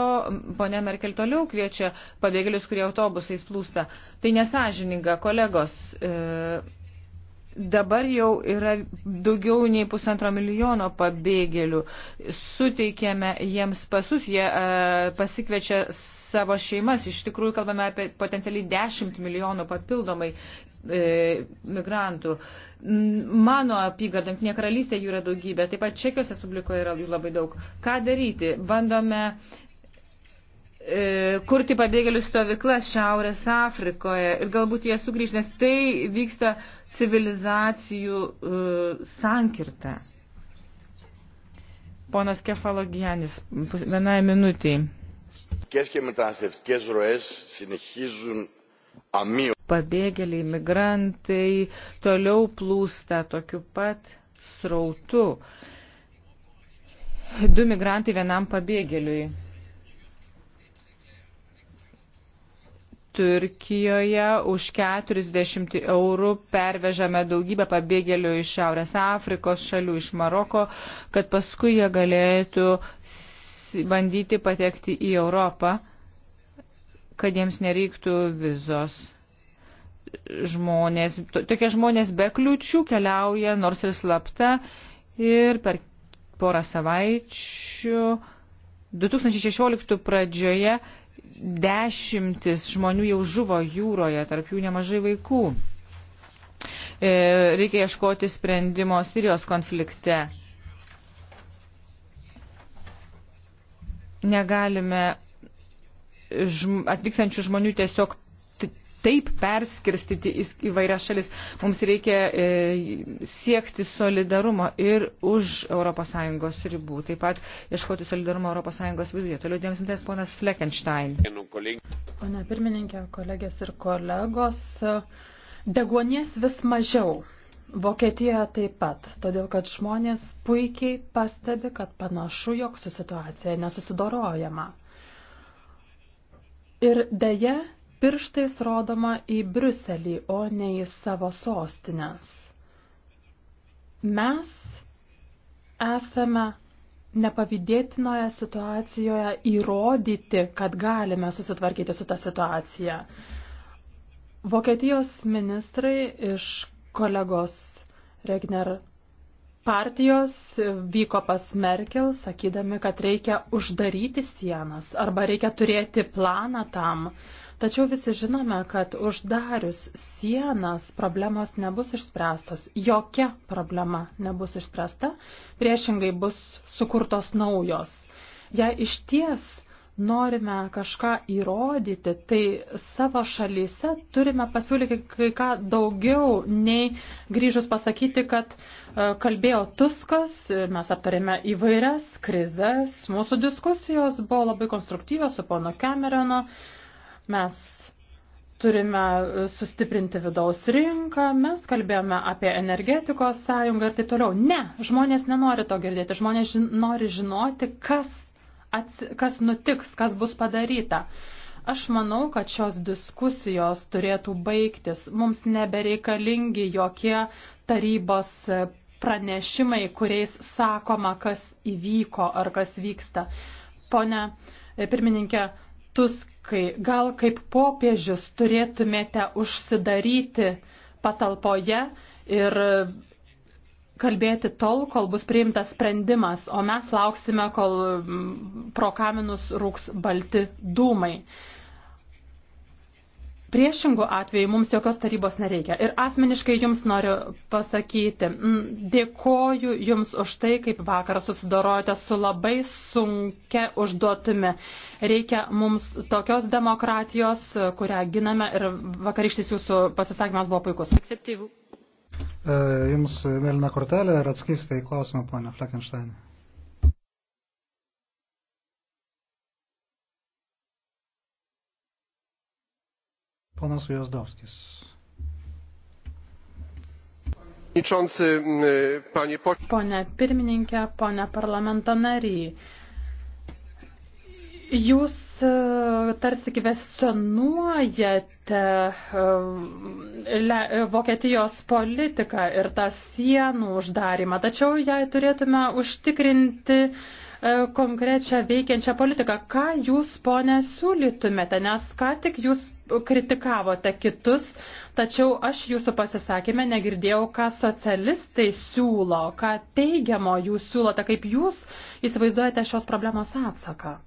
ponė Merkel toliau kviečia pabėgėlius, kurie autobusais plūsta. Tai nesažininga, kolegos. E, Dabar jau yra daugiau nei pusantro milijono pabėgėlių. Suteikėme jiems pasus, jie e, pasikviečia savo šeimas. Iš tikrųjų kalbame apie potencialiai 10 milijonų papildomai e, migrantų. Mano apygarda, Junktinė karalystė jų yra daugybė, taip pat Čekijos Respublikoje yra jų labai daug. Ką daryti? Bandome E, kurti pabėgėlių stovyklas Šiaurės Afrikoje ir galbūt jie sugrįž, nes tai vyksta civilizacijų uh, sankirta. Ponas Kefalogianis, vienai minutiai. Pabėgėliai, migrantai toliau plūsta tokiu pat srautu. Du migrantai vienam pabėgėliui Turkijoje už 40 eurų pervežame daugybę pabėgėlių iš Šiaurės Afrikos šalių, iš Maroko, kad paskui jie galėtų bandyti patekti į Europą, kad jiems nereiktų vizos. Žmonės, tokie žmonės be kliučių keliauja, nors ir slapta, ir per porą savaičių 2016 pradžioje dešimtis žmonių jau žuvo jūroje, tarp jų nemažai vaikų. E, reikia ieškoti sprendimo Sirijos konflikte. Negalime atvykstančių žmonių tiesiog taip perskirstyti į įvairias šalis. Mums reikia e, siekti solidarumo ir už ES ribų, taip pat ieškoti solidarumo ES viduje. Toliau dėmesintės ponas Fleckenstein. Pone pirmininkė, kolegės ir kolegos, deguonies vis mažiau. Vokietijoje taip pat, todėl kad žmonės puikiai pastebi, kad panašu, jog su situacija nesusidorojama. Ir dėje pirštais rodoma į Briuselį, o ne į savo sostinės. Mes esame nepavydėtinoje situacijoje įrodyti, kad galime susitvarkyti su tą situaciją. Vokietijos ministrai iš kolegos Regner partijos vyko pas Merkel, sakydami, kad reikia uždaryti sienas arba reikia turėti planą tam. Uh, Tačiau visi žinome, kad uždarius sienas problemos nebus išspręstos. Jokia problema nebus išspręsta, priešingai bus sukurtos naujos. Jei iš ties norime kažką įrodyti, tai savo šalyse turime pasiūlyti kai ką daugiau, nei grįžus pasakyti, kad e, kalbėjo Tuskas, mes aptarėme įvairias krizės, mūsų diskusijos buvo labai konstruktyvios su pono Camerono, Mes turime sustiprinti vidaus rinką, mes kalbėjome apie energetikos sąjungą ir taip toliau. Ne, žmonės nenori to girdėti, žmonės žin, nori žinoti, kas, ats, kas nutiks, kas bus padaryta. Aš manau, kad šios diskusijos turėtų baigtis. Mums nebereikalingi jokie tarybos pranešimai, kuriais sakoma, kas įvyko ar kas vyksta. Pone pirmininkė, Tusk kai gal kaip popiežius turėtumėte užsidaryti patalpoje ir kalbėti tol, kol bus priimtas sprendimas, o mes lauksime, kol pro kaminus rūks balti dūmai. Priešingų atveju mums jokios tarybos nereikia. Ir asmeniškai jums noriu pasakyti, mm, dėkoju jums už tai, kaip vakar susidorojate su labai sunkia užduotimi. Reikia mums tokios demokratijos, kurią giname ir vakarištis jūsų pasisakymas buvo puikus. E, jums mėlyna kortelė ir atskysite į klausimą, ponia Fleckenstein. Ponas Ujazdowskis. Pone pirmininkė, pone parlamento nariai, jūs e, tarsi kvesionuojate e, e, Vokietijos politiką ir tą sienų uždarimą, tačiau jei turėtume užtikrinti uh, E, konkrečią veikiančią politiką. Ką jūs, ponė, siūlytumėte, nes ką tik jūs kritikavote kitus, tačiau aš jūsų pasisakymę negirdėjau, ką socialistai siūlo, ką teigiamo jūs siūlote, kaip jūs įsivaizduojate šios problemos atsaką.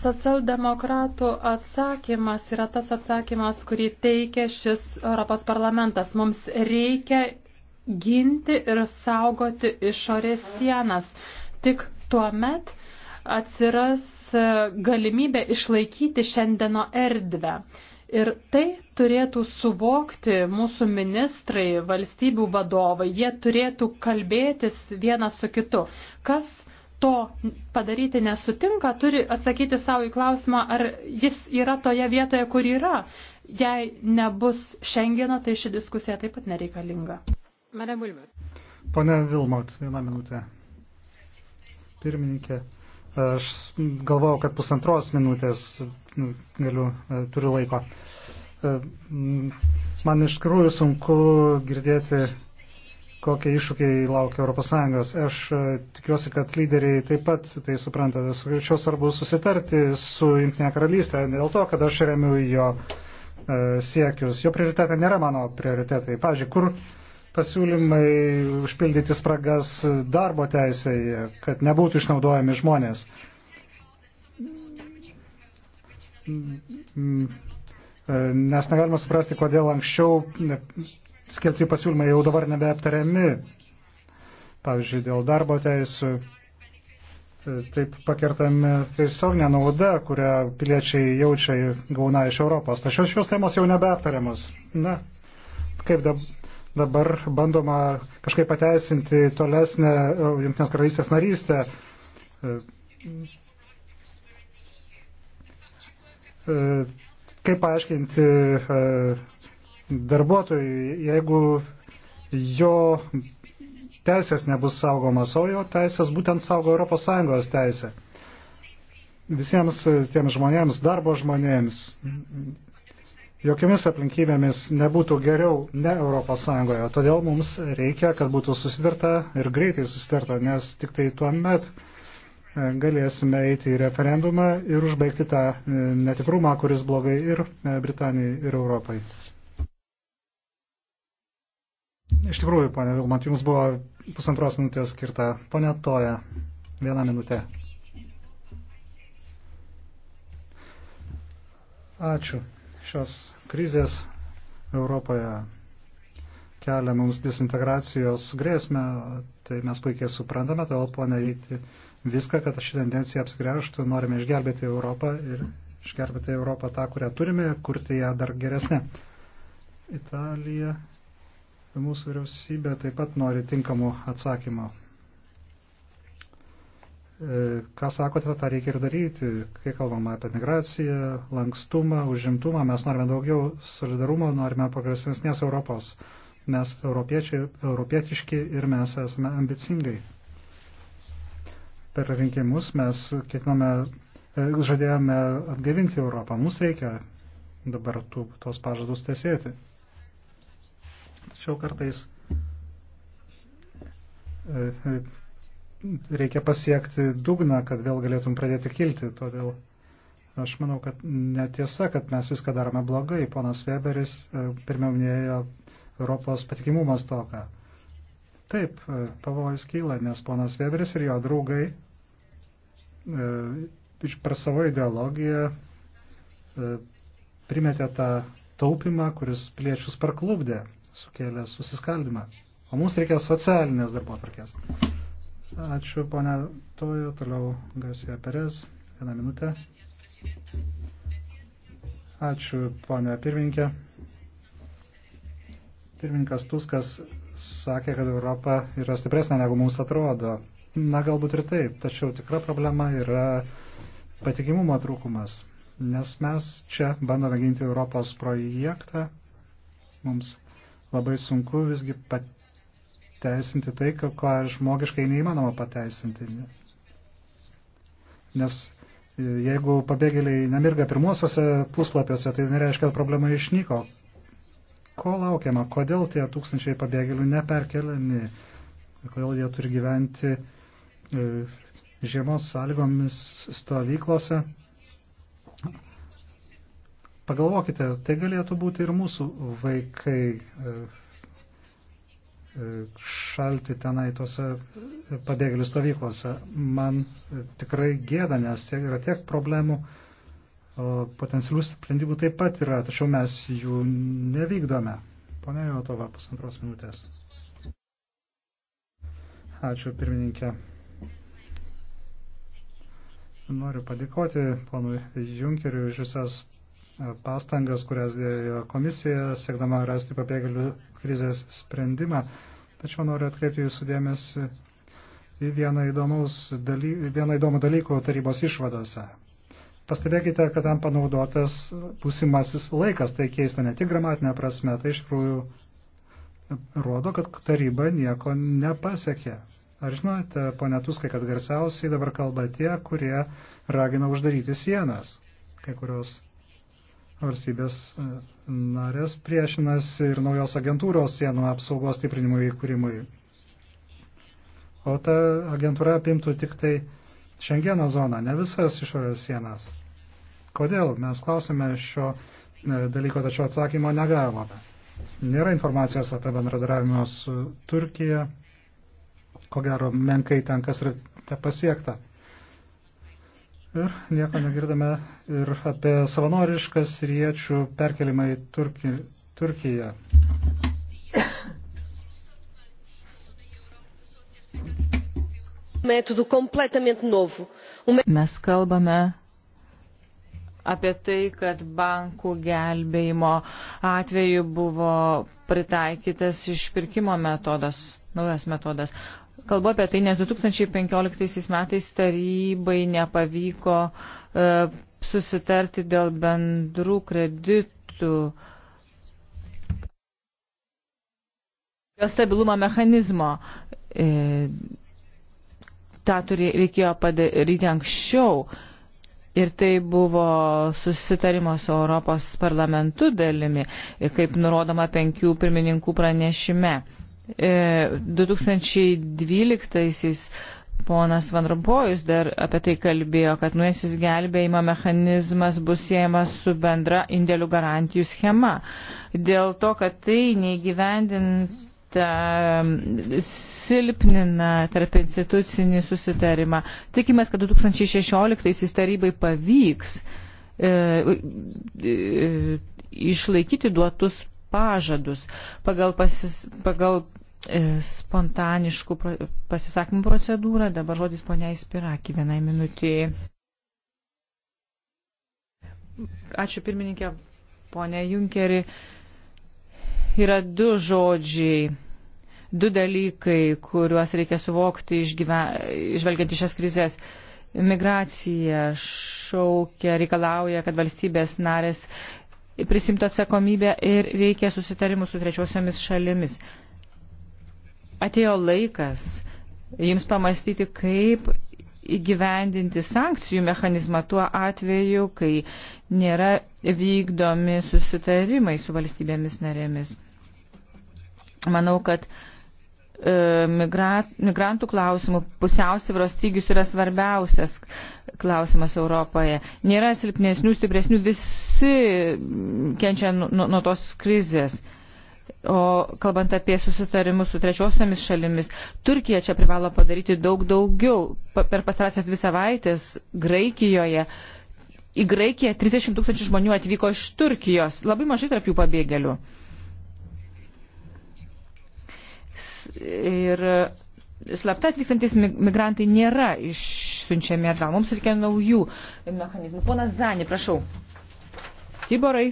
Socialdemokratų atsakymas yra tas atsakymas, kurį teikia šis Europos parlamentas. Mums reikia ginti ir saugoti išorės sienas. Tik tuo met atsiras e, galimybė išlaikyti šiandieno erdvę. Ir tai turėtų suvokti mūsų ministrai, valstybių vadovai. Jie turėtų kalbėtis vienas su kitu. Kas to padaryti nesutinka, turi atsakyti savo į klausimą, ar jis yra toje vietoje, kur yra. Jei nebus šiandieną, tai ši diskusija taip pat nereikalinga. Pone Vilmot, vieną minutę pirmininkė. Aš galvau, kad pusantros minutės nu, galiu, e, turiu laiko. E, man iš tikrųjų sunku girdėti, kokie iššūkiai laukia ES. Aš e, tikiuosi, kad lyderiai taip pat tai supranta. Čia svarbu susitarti su Junktinė karalystė, ne dėl to, kad aš remiu jo siekius. Jo prioritetai nėra mano prioritetai. Pavyzdžiui, kur pasiūlymai užpildyti spragas darbo teisėje, kad nebūtų išnaudojami žmonės. Nes negalima suprasti, kodėl anksčiau skelbti pasiūlymai jau dabar nebeaptariami. Pavyzdžiui, dėl darbo teisų taip pakertami tiesioginė nauda, kurią piliečiai jaučia ir gauna iš Europos. Tačiau šios temos jau nebeaptariamos. Na, kaip dabar dabar bandoma kažkaip pateisinti tolesnę e, Junktinės karalystės narystę. E, e, kaip paaiškinti darbuotojui, jeigu jo teisės nebus saugomas, o jo teisės būtent saugo ES teisė. Visiems tiems žmonėms, darbo žmonėms, jokiamis aplinkybėmis nebūtų geriau ne Europos Sąjungoje. Todėl mums reikia, kad būtų susidarta ir greitai susidarta, nes tik tai tuo met e, galėsime eiti į referendumą ir užbaigti tą e, netikrumą, kuris blogai ir e, Britanijai, ir Europai. Iš tikrųjų, ponė Vilmat, jums buvo pusantros minutės skirta. Pone Toja, vieną minutę. Ačiū. Šios krizės Europoje kelia mums disintegracijos grėsmę, tai mes puikiai suprantame, todėl paneiti viską, kad ši tendencija apsigręžtų, norime išgelbėti Europą ir išgelbėti Europą tą, kurią turime, kurti ją dar geresnę. Italija, mūsų vyriausybė taip pat nori tinkamų atsakymų. E, ką sakote, tą reikia ir daryti. Kai kalbama apie migraciją, lankstumą, užimtumą, mes norime daugiau solidarumo, norime progresyvesnės Europos. Mes europiečiai, europietiški ir mes esame ambicingai. Per rinkimus mes ketiname, e, žadėjome atgaivinti Europą. Mums reikia dabar tų, tos pažadus tesėti. Tačiau kartais e, reikia pasiekti dugną, kad vėl galėtum pradėti kilti. Todėl aš manau, kad netiesa, kad mes viską darome blogai. Ponas Weberis e, pirmiau minėjo Europos patikimumo stoką. Taip, e, pavojus kyla, nes ponas Weberis ir jo draugai e, per savo ideologiją primetė tą taupimą, kuris piliečius parklubdė, sukėlė susiskaldimą. O mums reikia socialinės darbo atvarkės. Ačiū, ponia Tojo. Toliau Gasija Perez. Vieną minutę. Ačiū, ponia pirmininkė. Pirmininkas Tuskas sakė, kad Europa yra stipresnė negu mums atrodo. Na, galbūt ir taip, tačiau tikra problema yra patikimumo trūkumas, nes mes čia bandome ginti Europos projektą. Mums labai sunku visgi pat teisinti tai, ko žmogiškai neįmanoma pateisinti. Nes e, jeigu pabėgėliai nemirga pirmuosiuose puslapiuose, tai nereiškia, kad problema išnyko. Ko laukiama? Kodėl tie tūkstančiai pabėgėlių neperkeliami? Kodėl jie turi gyventi e, žiemos sąlygomis stovyklose? Pagalvokite, tai galėtų būti ir mūsų vaikai. E, E, šalti tenai tose pabėgėlių stovyklose. Man e, tikrai gėda, nes tiek yra tiek problemų, potencialių sprendimų taip pat yra, tačiau mes jų nevykdome. Pone Jotova, pusantros minutės. Ačiū, pirmininkė. Noriu padėkoti ponui Junkeriu už visas pastangas, kurias dėjo komisija, siekdama rasti pabėgėlių krizės sprendimą. Tačiau noriu atkreipti jūsų dėmesį į vieną, daly, vieną įdomų dalykų tarybos išvadose. Pastebėkite, kad tam panaudotas būsimasis laikas, tai keista ne tik gramatinė prasme, tai iš tikrųjų rodo, kad taryba nieko nepasiekė. Ar žinote, ponė Tuskai, kad garsiausiai dabar kalba tie, kurie ragina uždaryti sienas, kai kurios valstybės e, narės priešinasi ir naujos agentūros sienų apsaugos stiprinimui įkūrimui. O ta agentūra apimtų tik tai Šengeno zoną, ne visas išorės sienas. Kodėl? Mes klausėme šio e, dalyko, tačiau atsakymo negavome. Nėra informacijos apie bendradarbiavimą su Turkija. Ko gero, menkai ten kas yra pasiekta. Ir nieko negirdame ir apie savanorišką siriečių perkelimą į Turki, Turkiją. Mes kalbame apie tai, kad bankų gelbėjimo atveju buvo pritaikytas išpirkimo metodas, naujas metodas. Kalbu apie tai, nes 2015 metais tarybai nepavyko e, susitarti dėl bendrų kreditų. stabilumo mechanizmo. E, tą turė, reikėjo padaryti anksčiau. Ir tai buvo susitarimo su Europos parlamentu dalimi, kaip nurodoma penkių pirmininkų pranešime. 2012-aisiais e, ponas Van Rompojus dar apie tai kalbėjo, kad nuėsis gelbėjimo mechanizmas bus siejamas su bendra indėlių garantijų schema. Dėl to, kad tai neįgyvendinta silpnina tarp institucinį susitarimą. Tikimės, kad 2016 tarybai pavyks e, e, išlaikyti duotus pažadus. Pagal, pasis, pagal E, spontaniškų pasisakymų procedūrą. Dabar žodis ponia Ispiraki vienai minutėje. Ačiū pirmininkė, ponia Junkeri. Yra du žodžiai du dalykai, kuriuos reikia suvokti išvelgiant iš šias krizės. Migracija šaukia, reikalauja, kad valstybės narės prisimtų atsakomybę ir reikia susitarimų su trečiosiomis šalimis atėjo laikas jums pamastyti, kaip įgyvendinti sankcijų mechanizmą tuo atveju, kai nėra vykdomi susitarimai su valstybėmis narėmis. Manau, kad e, migrantų klausimų pusiausvyros stygius yra svarbiausias klausimas Europoje. Nėra silpnesnių, stipresnių, visi kenčia nuo, nu, nuo tos krizės. O kalbant apie susitarimus su trečiosiamis šalimis, Turkija čia privalo padaryti daug daugiau. Per pastarąsias dvi savaitės Graikijoje į Graikiją 30 tūkstančių žmonių atvyko iš Turkijos, labai mažai tarp jų pabėgėlių. Ir slapta atvykstantis migrantai nėra išsiunčiami atgal. Mums reikia naujų mechanizmų. Ponas Zani, prašau. Tiborai.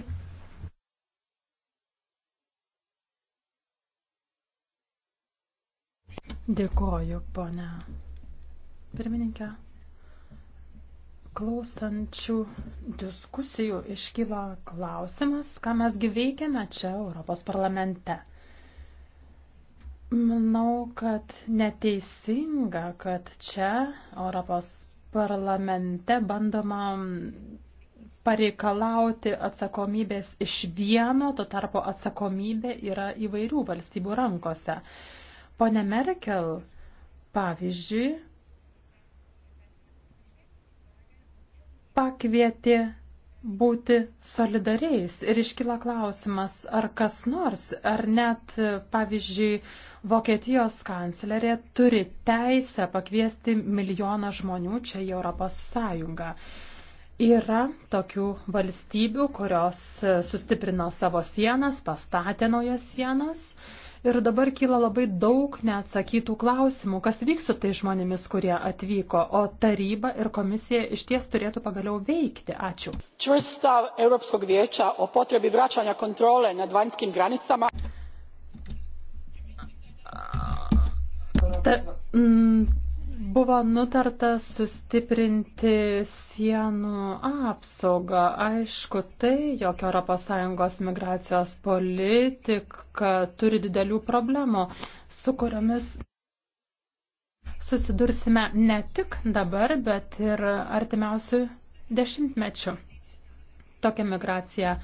Dėkoju, ponia pirmininkė. Klausančių diskusijų iškyla klausimas, ką mesgi veikiame čia Europos parlamente. Manau, kad neteisinga, kad čia Europos parlamente bandoma pareikalauti atsakomybės iš vieno, to tarpo atsakomybė yra įvairių valstybių rankose. Pone Merkel, pavyzdžiui, pakvietė būti solidariais ir iškyla klausimas, ar kas nors, ar net, pavyzdžiui, Vokietijos kanclerė turi teisę pakviesti milijoną žmonių čia į Europos Sąjungą. Yra tokių valstybių, kurios sustiprino savo sienas, pastatė naujas sienas. Uh, ir dabar kyla labai daug neatsakytų klausimų, kas vyks su tai žmonėmis, kurie atvyko, o taryba ir komisija iš ties turėtų pagaliau veikti. Ačiū. Čvrstav Europskog vijeća o potrebi vraćanja kontrole nad vanjskim granicama. Ta, mm, Buvo nutarta sustiprinti sienų apsaugą. Aišku, tai, jog ES migracijos politika turi didelių problemų, su kuriomis susidursime ne tik dabar, bet ir artimiausių dešimtmečių. Tokia migracija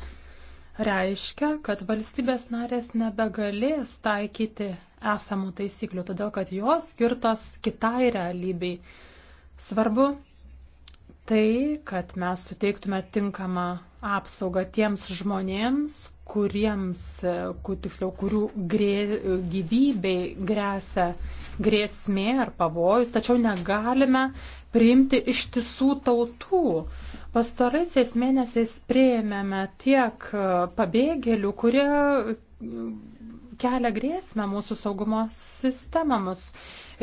reiškia, kad valstybės narės nebegalės taikyti esamų taisyklių, todėl kad jos skirtos kitai realybei. Svarbu tai, kad mes suteiktume tinkamą apsaugą tiems žmonėms, kuriems, kur, tiksliau, kurių grė, gyvybei grėsia grėsmė ar pavojus, tačiau negalime priimti ištisų tautų Pastaraisiais mėnesiais prieėmėme tiek pabėgėlių, kurie mm, kelia grėsmę mūsų saugumo sistemams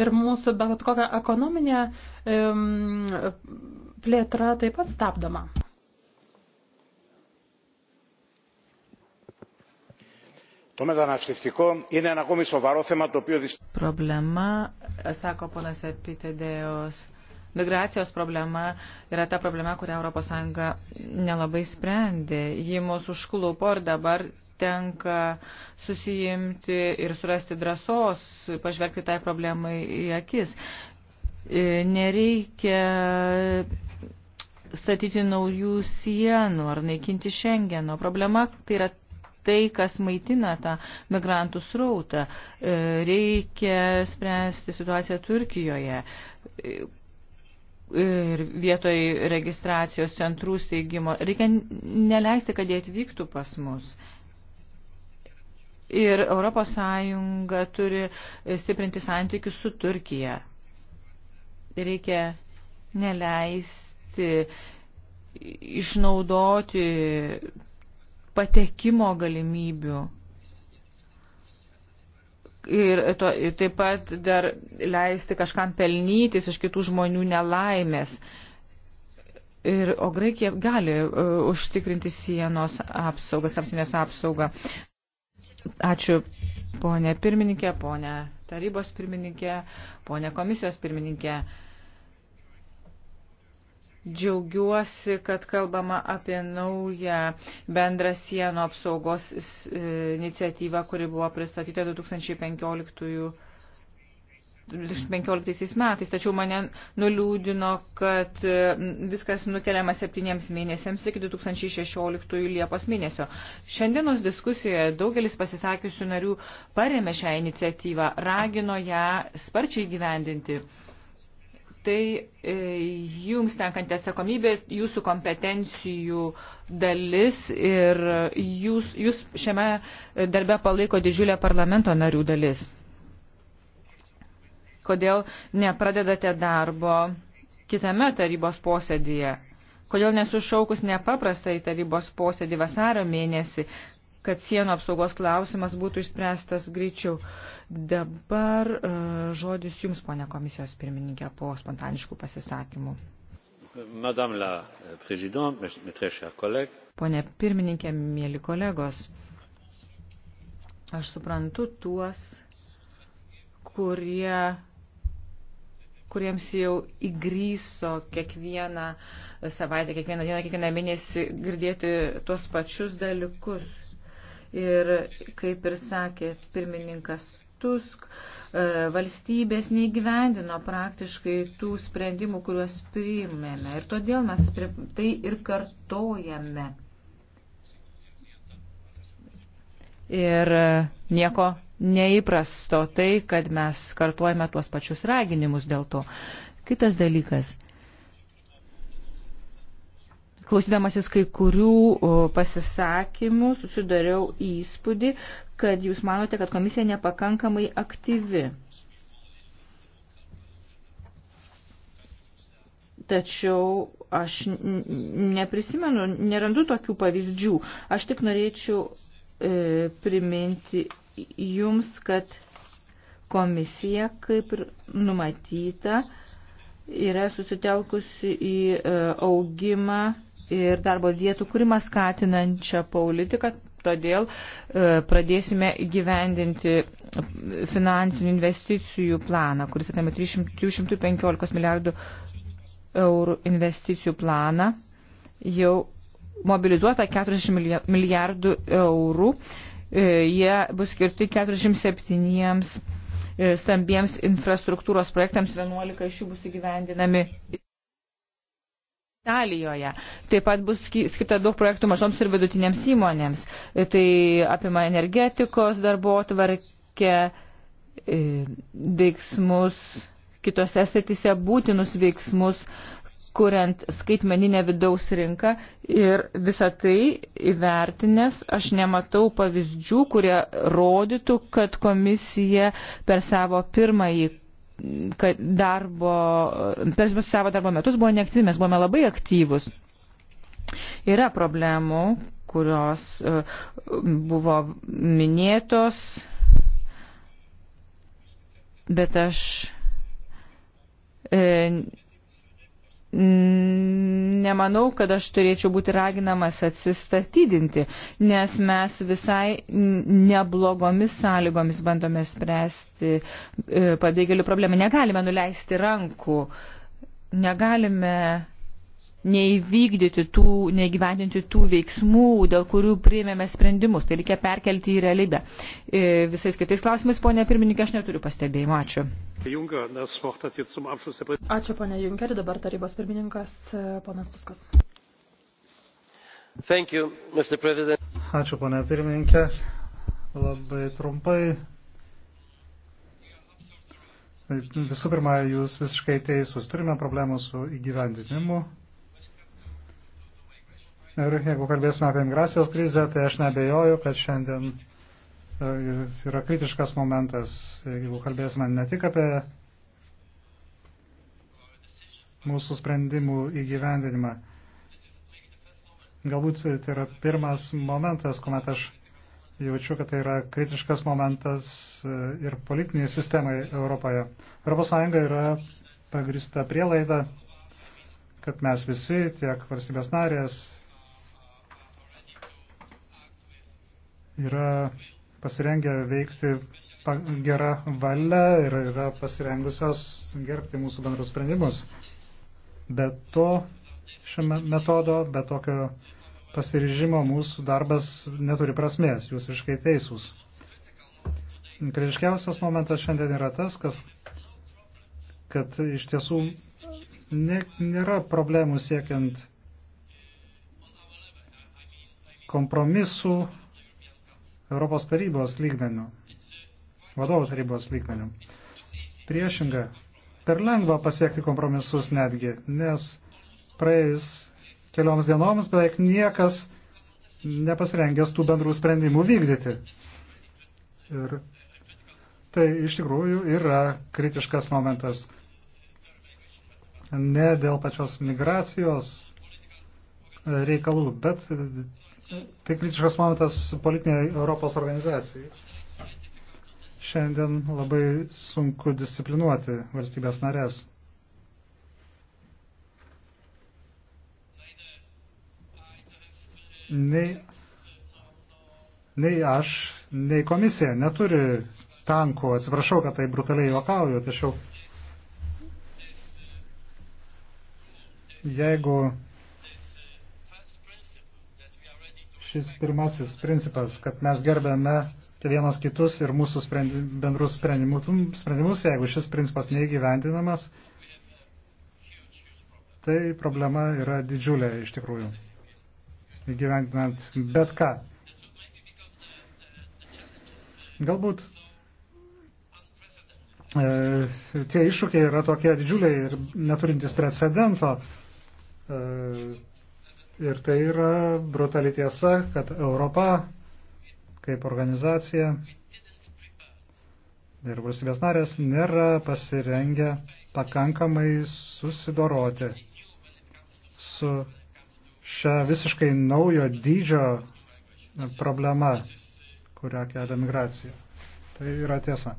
ir mūsų bet kokią ekonominę um, mm, plėtrą taip pat stabdoma. Problema, sako ponas Epitėdėjos, Migracijos problema yra ta problema, kurią ES nelabai sprendė. Ji mūsų užklupo ir dabar tenka susijimti ir surasti drąsos, pažvelgti tai problemai į akis. E, nereikia statyti naujų sienų ar naikinti Šengeno. Problema tai yra tai, kas maitina tą migrantų srautą. E, reikia spręsti situaciją Turkijoje. E, ir vietoj registracijos centrų steigimo. Reikia neleisti, kad jie atvyktų pas mus. Ir Europos Sąjunga turi stiprinti santykius su Turkija. Reikia neleisti išnaudoti patekimo galimybių ir to, taip pat dar leisti kažkam pelnytis iš kitų žmonių nelaimės. Ir, o Graikija gali uh, užtikrinti sienos apsaugą, samsinės apsaugą. Ačiū ponė pirmininkė, ponė tarybos pirmininkė, ponė komisijos pirmininkė. Uh, Džiaugiuosi, kad kalbama apie naują bendrą sienų apsaugos e, iniciatyvą, kuri buvo pristatyta 2015 15 metais, tačiau mane nuliūdino, kad e, viskas nukeliama septyniems mėnesiams iki 2016 Liepos mėnesio. Šiandienos diskusijoje daugelis pasisakiusių narių paremė šią iniciatyvą, ragino ją sparčiai gyvendinti tai e, jums tenkanti atsakomybė, jūsų kompetencijų dalis ir jūs, jūs šiame darbe palaiko didžiulę parlamento narių dalis. Kodėl nepradedate darbo kitame tarybos posėdėje? Kodėl nesušaukus nepaprastai tarybos posėdį vasario mėnesį, kad sienų apsaugos klausimas būtų išspręstas greičiau. Dabar uh, žodis Jums, ponė komisijos pirmininkė, po spontaniškų pasisakymų. Madame la Présidente, mes très chers collègues. Pone pirmininkė, mėly kolegos, aš suprantu tuos, kurie kuriems jau įgryso kiekvieną savaitę, kiekvieną dieną, kiekvieną mėnesį girdėti tuos pačius dalykus. Ir kaip ir sakė pirmininkas Tusk, e, valstybės neįgyvendino praktiškai tų sprendimų, kuriuos priimėme. Ir todėl mes tai ir kartojame. Ir nieko neįprasto tai, kad mes kartuojame tuos pačius raginimus dėl to. Kitas dalykas – klausydamasis kai kurių pasisakymų, susidariau įspūdį, kad jūs manote, kad komisija nepakankamai aktyvi. Tačiau aš neprisimenu, nerandu tokių pavyzdžių. Aš tik norėčiau e, priminti jums, kad komisija, kaip ir numatyta, yra susitelkusi į e, augimą ir darbo vietų kūrimą skatinančią politiką. Todėl e, pradėsime gyvendinti finansinių investicijų planą, kuris atėmė 315 milijardų eurų investicijų planą. Jau mobilizuota 40 milijardų eurų. E, jie bus skirti 47 e, stambiems infrastruktūros projektams, 11 iš jų bus įgyvendinami. Italijoje. Taip pat bus skirta daug projektų mažoms ir vidutinėms įmonėms. Tai apima energetikos darbo tvarkę, e, veiksmus, kitose statise būtinus veiksmus, kuriant skaitmeninę vidaus rinką ir visą tai įvertinęs, aš nematau pavyzdžių, kurie rodytų, kad komisija per savo pirmąjį kad darbo, per savo darbo metus buvo neaktyvi, mes buvome labai aktyvus. Yra problemų, kurios e, buvo minėtos, bet aš e, nemanau, kad aš turėčiau būti raginamas atsistatydinti, nes mes visai neblogomis sąlygomis bandome spręsti e, pabėgėlių problemą. Negalime nuleisti rankų, negalime neįvykdyti tų, negyvendinti tų veiksmų, dėl kurių priėmėme sprendimus. Tai reikia perkelti į realybę. E, visais kitais klausimais, ponė pirmininkė, aš neturiu pastebėjimo. Ačiū. Ačiū, ponė Junkeri, dabar tarybos pirmininkas, e, ponas Tuskas. Thank you, Mr. President. Ačiū, ponė pirmininkė. Labai trumpai. Visų pirma, jūs visiškai teisūs. Turime problemų su įgyvendinimu Ir jeigu kalbėsime apie migracijos krizę, tai aš nebejoju, kad šiandien e, yra kritiškas momentas, jeigu kalbėsime ne tik apie mūsų sprendimų įgyvendinimą. Galbūt tai yra pirmas momentas, kuomet aš jaučiu, kad tai yra kritiškas momentas e, ir politiniai sistemai Europoje. ES yra pagrista prielaida, kad mes visi, tiek valstybės narės, yra pasirengę veikti gerą valią ir yra pasirengusios gerbti mūsų bendrus sprendimus. Be to, šiame metodo, be tokio pasiryžimo mūsų darbas neturi prasmės, jūs iškai teisūs. Kritiškiausias momentas šiandien yra tas, kas, kad iš tiesų ne, nėra problemų siekiant kompromisų Europos tarybos lygmenių, vadovų tarybos lygmenių. Priešinga, per lengva pasiekti kompromisus netgi, nes praėjus kelioms dienoms beveik niekas nepasirengęs tų bendrų sprendimų vykdyti. Ir tai iš tikrųjų yra kritiškas momentas. Ne dėl pačios migracijos reikalų, bet tai kritiškas momentas politinė Europos organizacijai. Šiandien labai sunku disciplinuoti valstybės narės. Nei, nei aš, nei komisija neturi tankų, atsiprašau, kad tai brutaliai juokauju, tačiau jeigu šis pirmasis principas, kad mes gerbėme vienas kitus ir mūsų sprendi, bendrus sprendimus, jeigu šis principas neįgyvendinamas, tai problema yra didžiulė iš tikrųjų, įgyvendinant bet ką. Galbūt e, tie iššūkiai yra tokie didžiuliai ir neturintys precedento. E, Ir tai yra brutali tiesa, kad Europa kaip organizacija ir valstybės narės nėra pasirengę pakankamai susidoroti su šią visiškai naujo dydžio problema, kurią kelia migracija. Tai yra tiesa.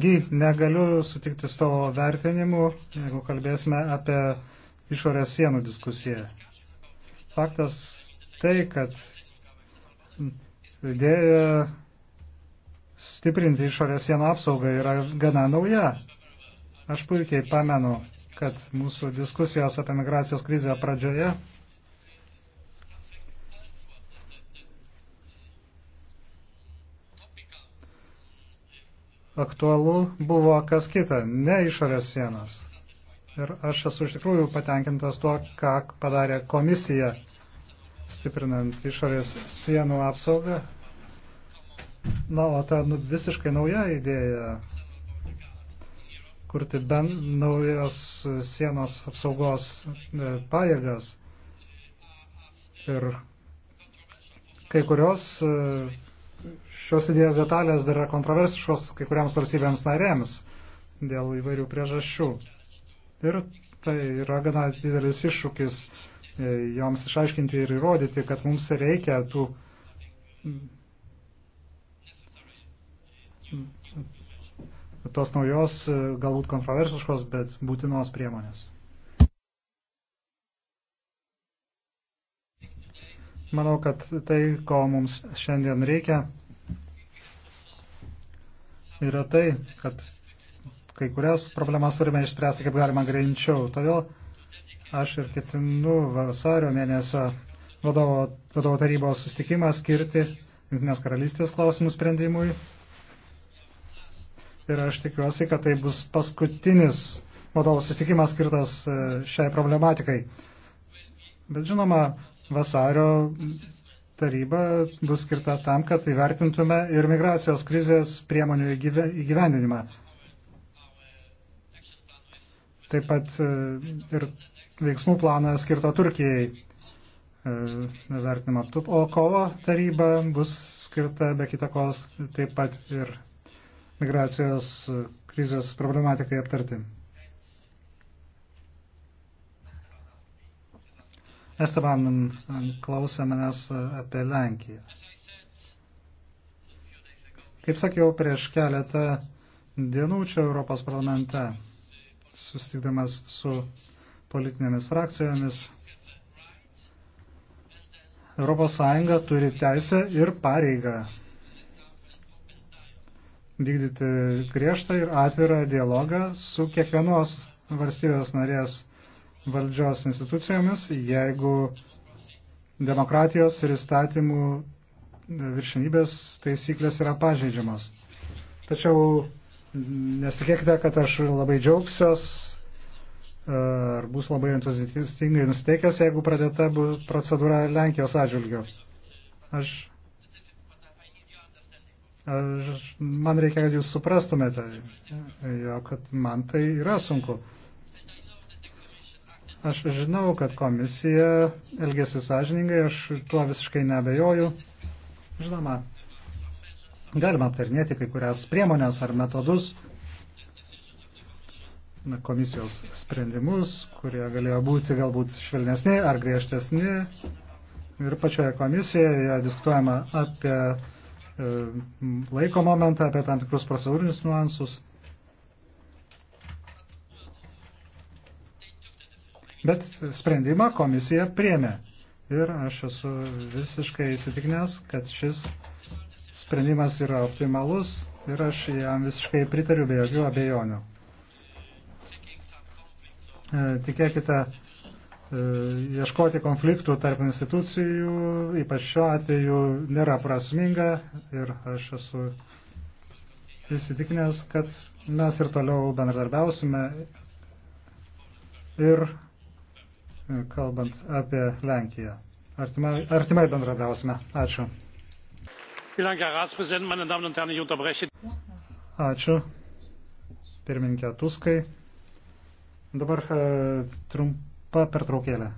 Gy, negaliu sutikti su tavo vertinimu, jeigu kalbėsime apie išorės sienų diskusiją. Faktas tai, kad idėja stiprinti išorės sienų apsaugą yra gana nauja. Aš puikiai pamenu, kad mūsų diskusijos apie migracijos krizę pradžioje aktualu buvo kas kita, ne išorės sienos. Ir aš esu iš tikrųjų patenkintas tuo, ką padarė komisija, stiprinant išorės sienų apsaugą. Na, o ta nu, visiškai nauja idėja kurti ben, naujas sienos apsaugos e, pajėgas. Ir kai kurios e, Šios idėjos detalės dar yra kontroversiškos kai kuriams valstybėms narėms dėl įvairių priežasčių. Ir tai yra gana didelis iššūkis e, joms išaiškinti ir įrodyti, kad mums reikia tų tos naujos, e, galbūt kontroversiškos, bet būtinos priemonės. Manau, kad tai, ko mums šiandien reikia, yra tai, kad kai kurias problemas turime išspręsti kaip galima greičiau. Todėl aš ir ketinu vasario mėnesio vadovo, vadovo tarybos sustikimą skirti Junktinės karalystės klausimų sprendimui. Ir aš tikiuosi, kad tai bus paskutinis vadovo susitikimas skirtas e, šiai problematikai. Bet žinoma, vasario taryba bus skirta tam, kad įvertintume ir migracijos krizės priemonių įgyvendinimą. Taip pat e, ir veiksmų planą skirto Turkijai e, vertinimą. O kovo taryba bus skirta be kitakos taip pat ir migracijos e, krizės problematikai aptarti. Esteban klausė manęs apie Lenkiją. Kaip sakiau, prieš keletą dienų čia Europos parlamente, sustikdamas su politinėmis frakcijomis, Europos Sąjunga turi teisę ir pareigą vykdyti griežtą ir atvirą dialogą su kiekvienos valstybės narės valdžios institucijomis, jeigu demokratijos ir įstatymų viršinybės taisyklės yra pažeidžiamas. Tačiau nesitikėkite, kad aš labai džiaugsiuos e, ar bus labai entuziastingai nusteikęs, jeigu pradėta procedūra Lenkijos atžvilgiu. Aš, aš, man reikia, kad jūs suprastumėte, jo, kad man tai yra sunku. Aš žinau, kad komisija elgėsi sąžiningai, aš tuo visiškai nebejoju. Žinoma, galima aptarnėti kai kurias priemonės ar metodus, na, komisijos sprendimus, kurie galėjo būti galbūt švelnesni ar griežtesni. Ir pačioje komisijoje diskutuojama apie e, laiko momentą, apie tam tikrus procedūrinius nuansus. Bet sprendimą komisija priemė. Ir aš esu visiškai įsitikinęs, kad šis sprendimas yra optimalus ir aš jam visiškai pritariu be jokių abejonių. E, tikėkite e, ieškoti konfliktų tarp institucijų, ypač šiuo atveju, nėra prasminga ir aš esu įsitikinęs, kad mes ir toliau bendradarbiausime ir E, kalbant apie Lenkiją. Artimai, artimai bendradausime. Ačiū. Ačiū. Pirmininkė Tuskai. Dabar e, trumpa pertraukėlė.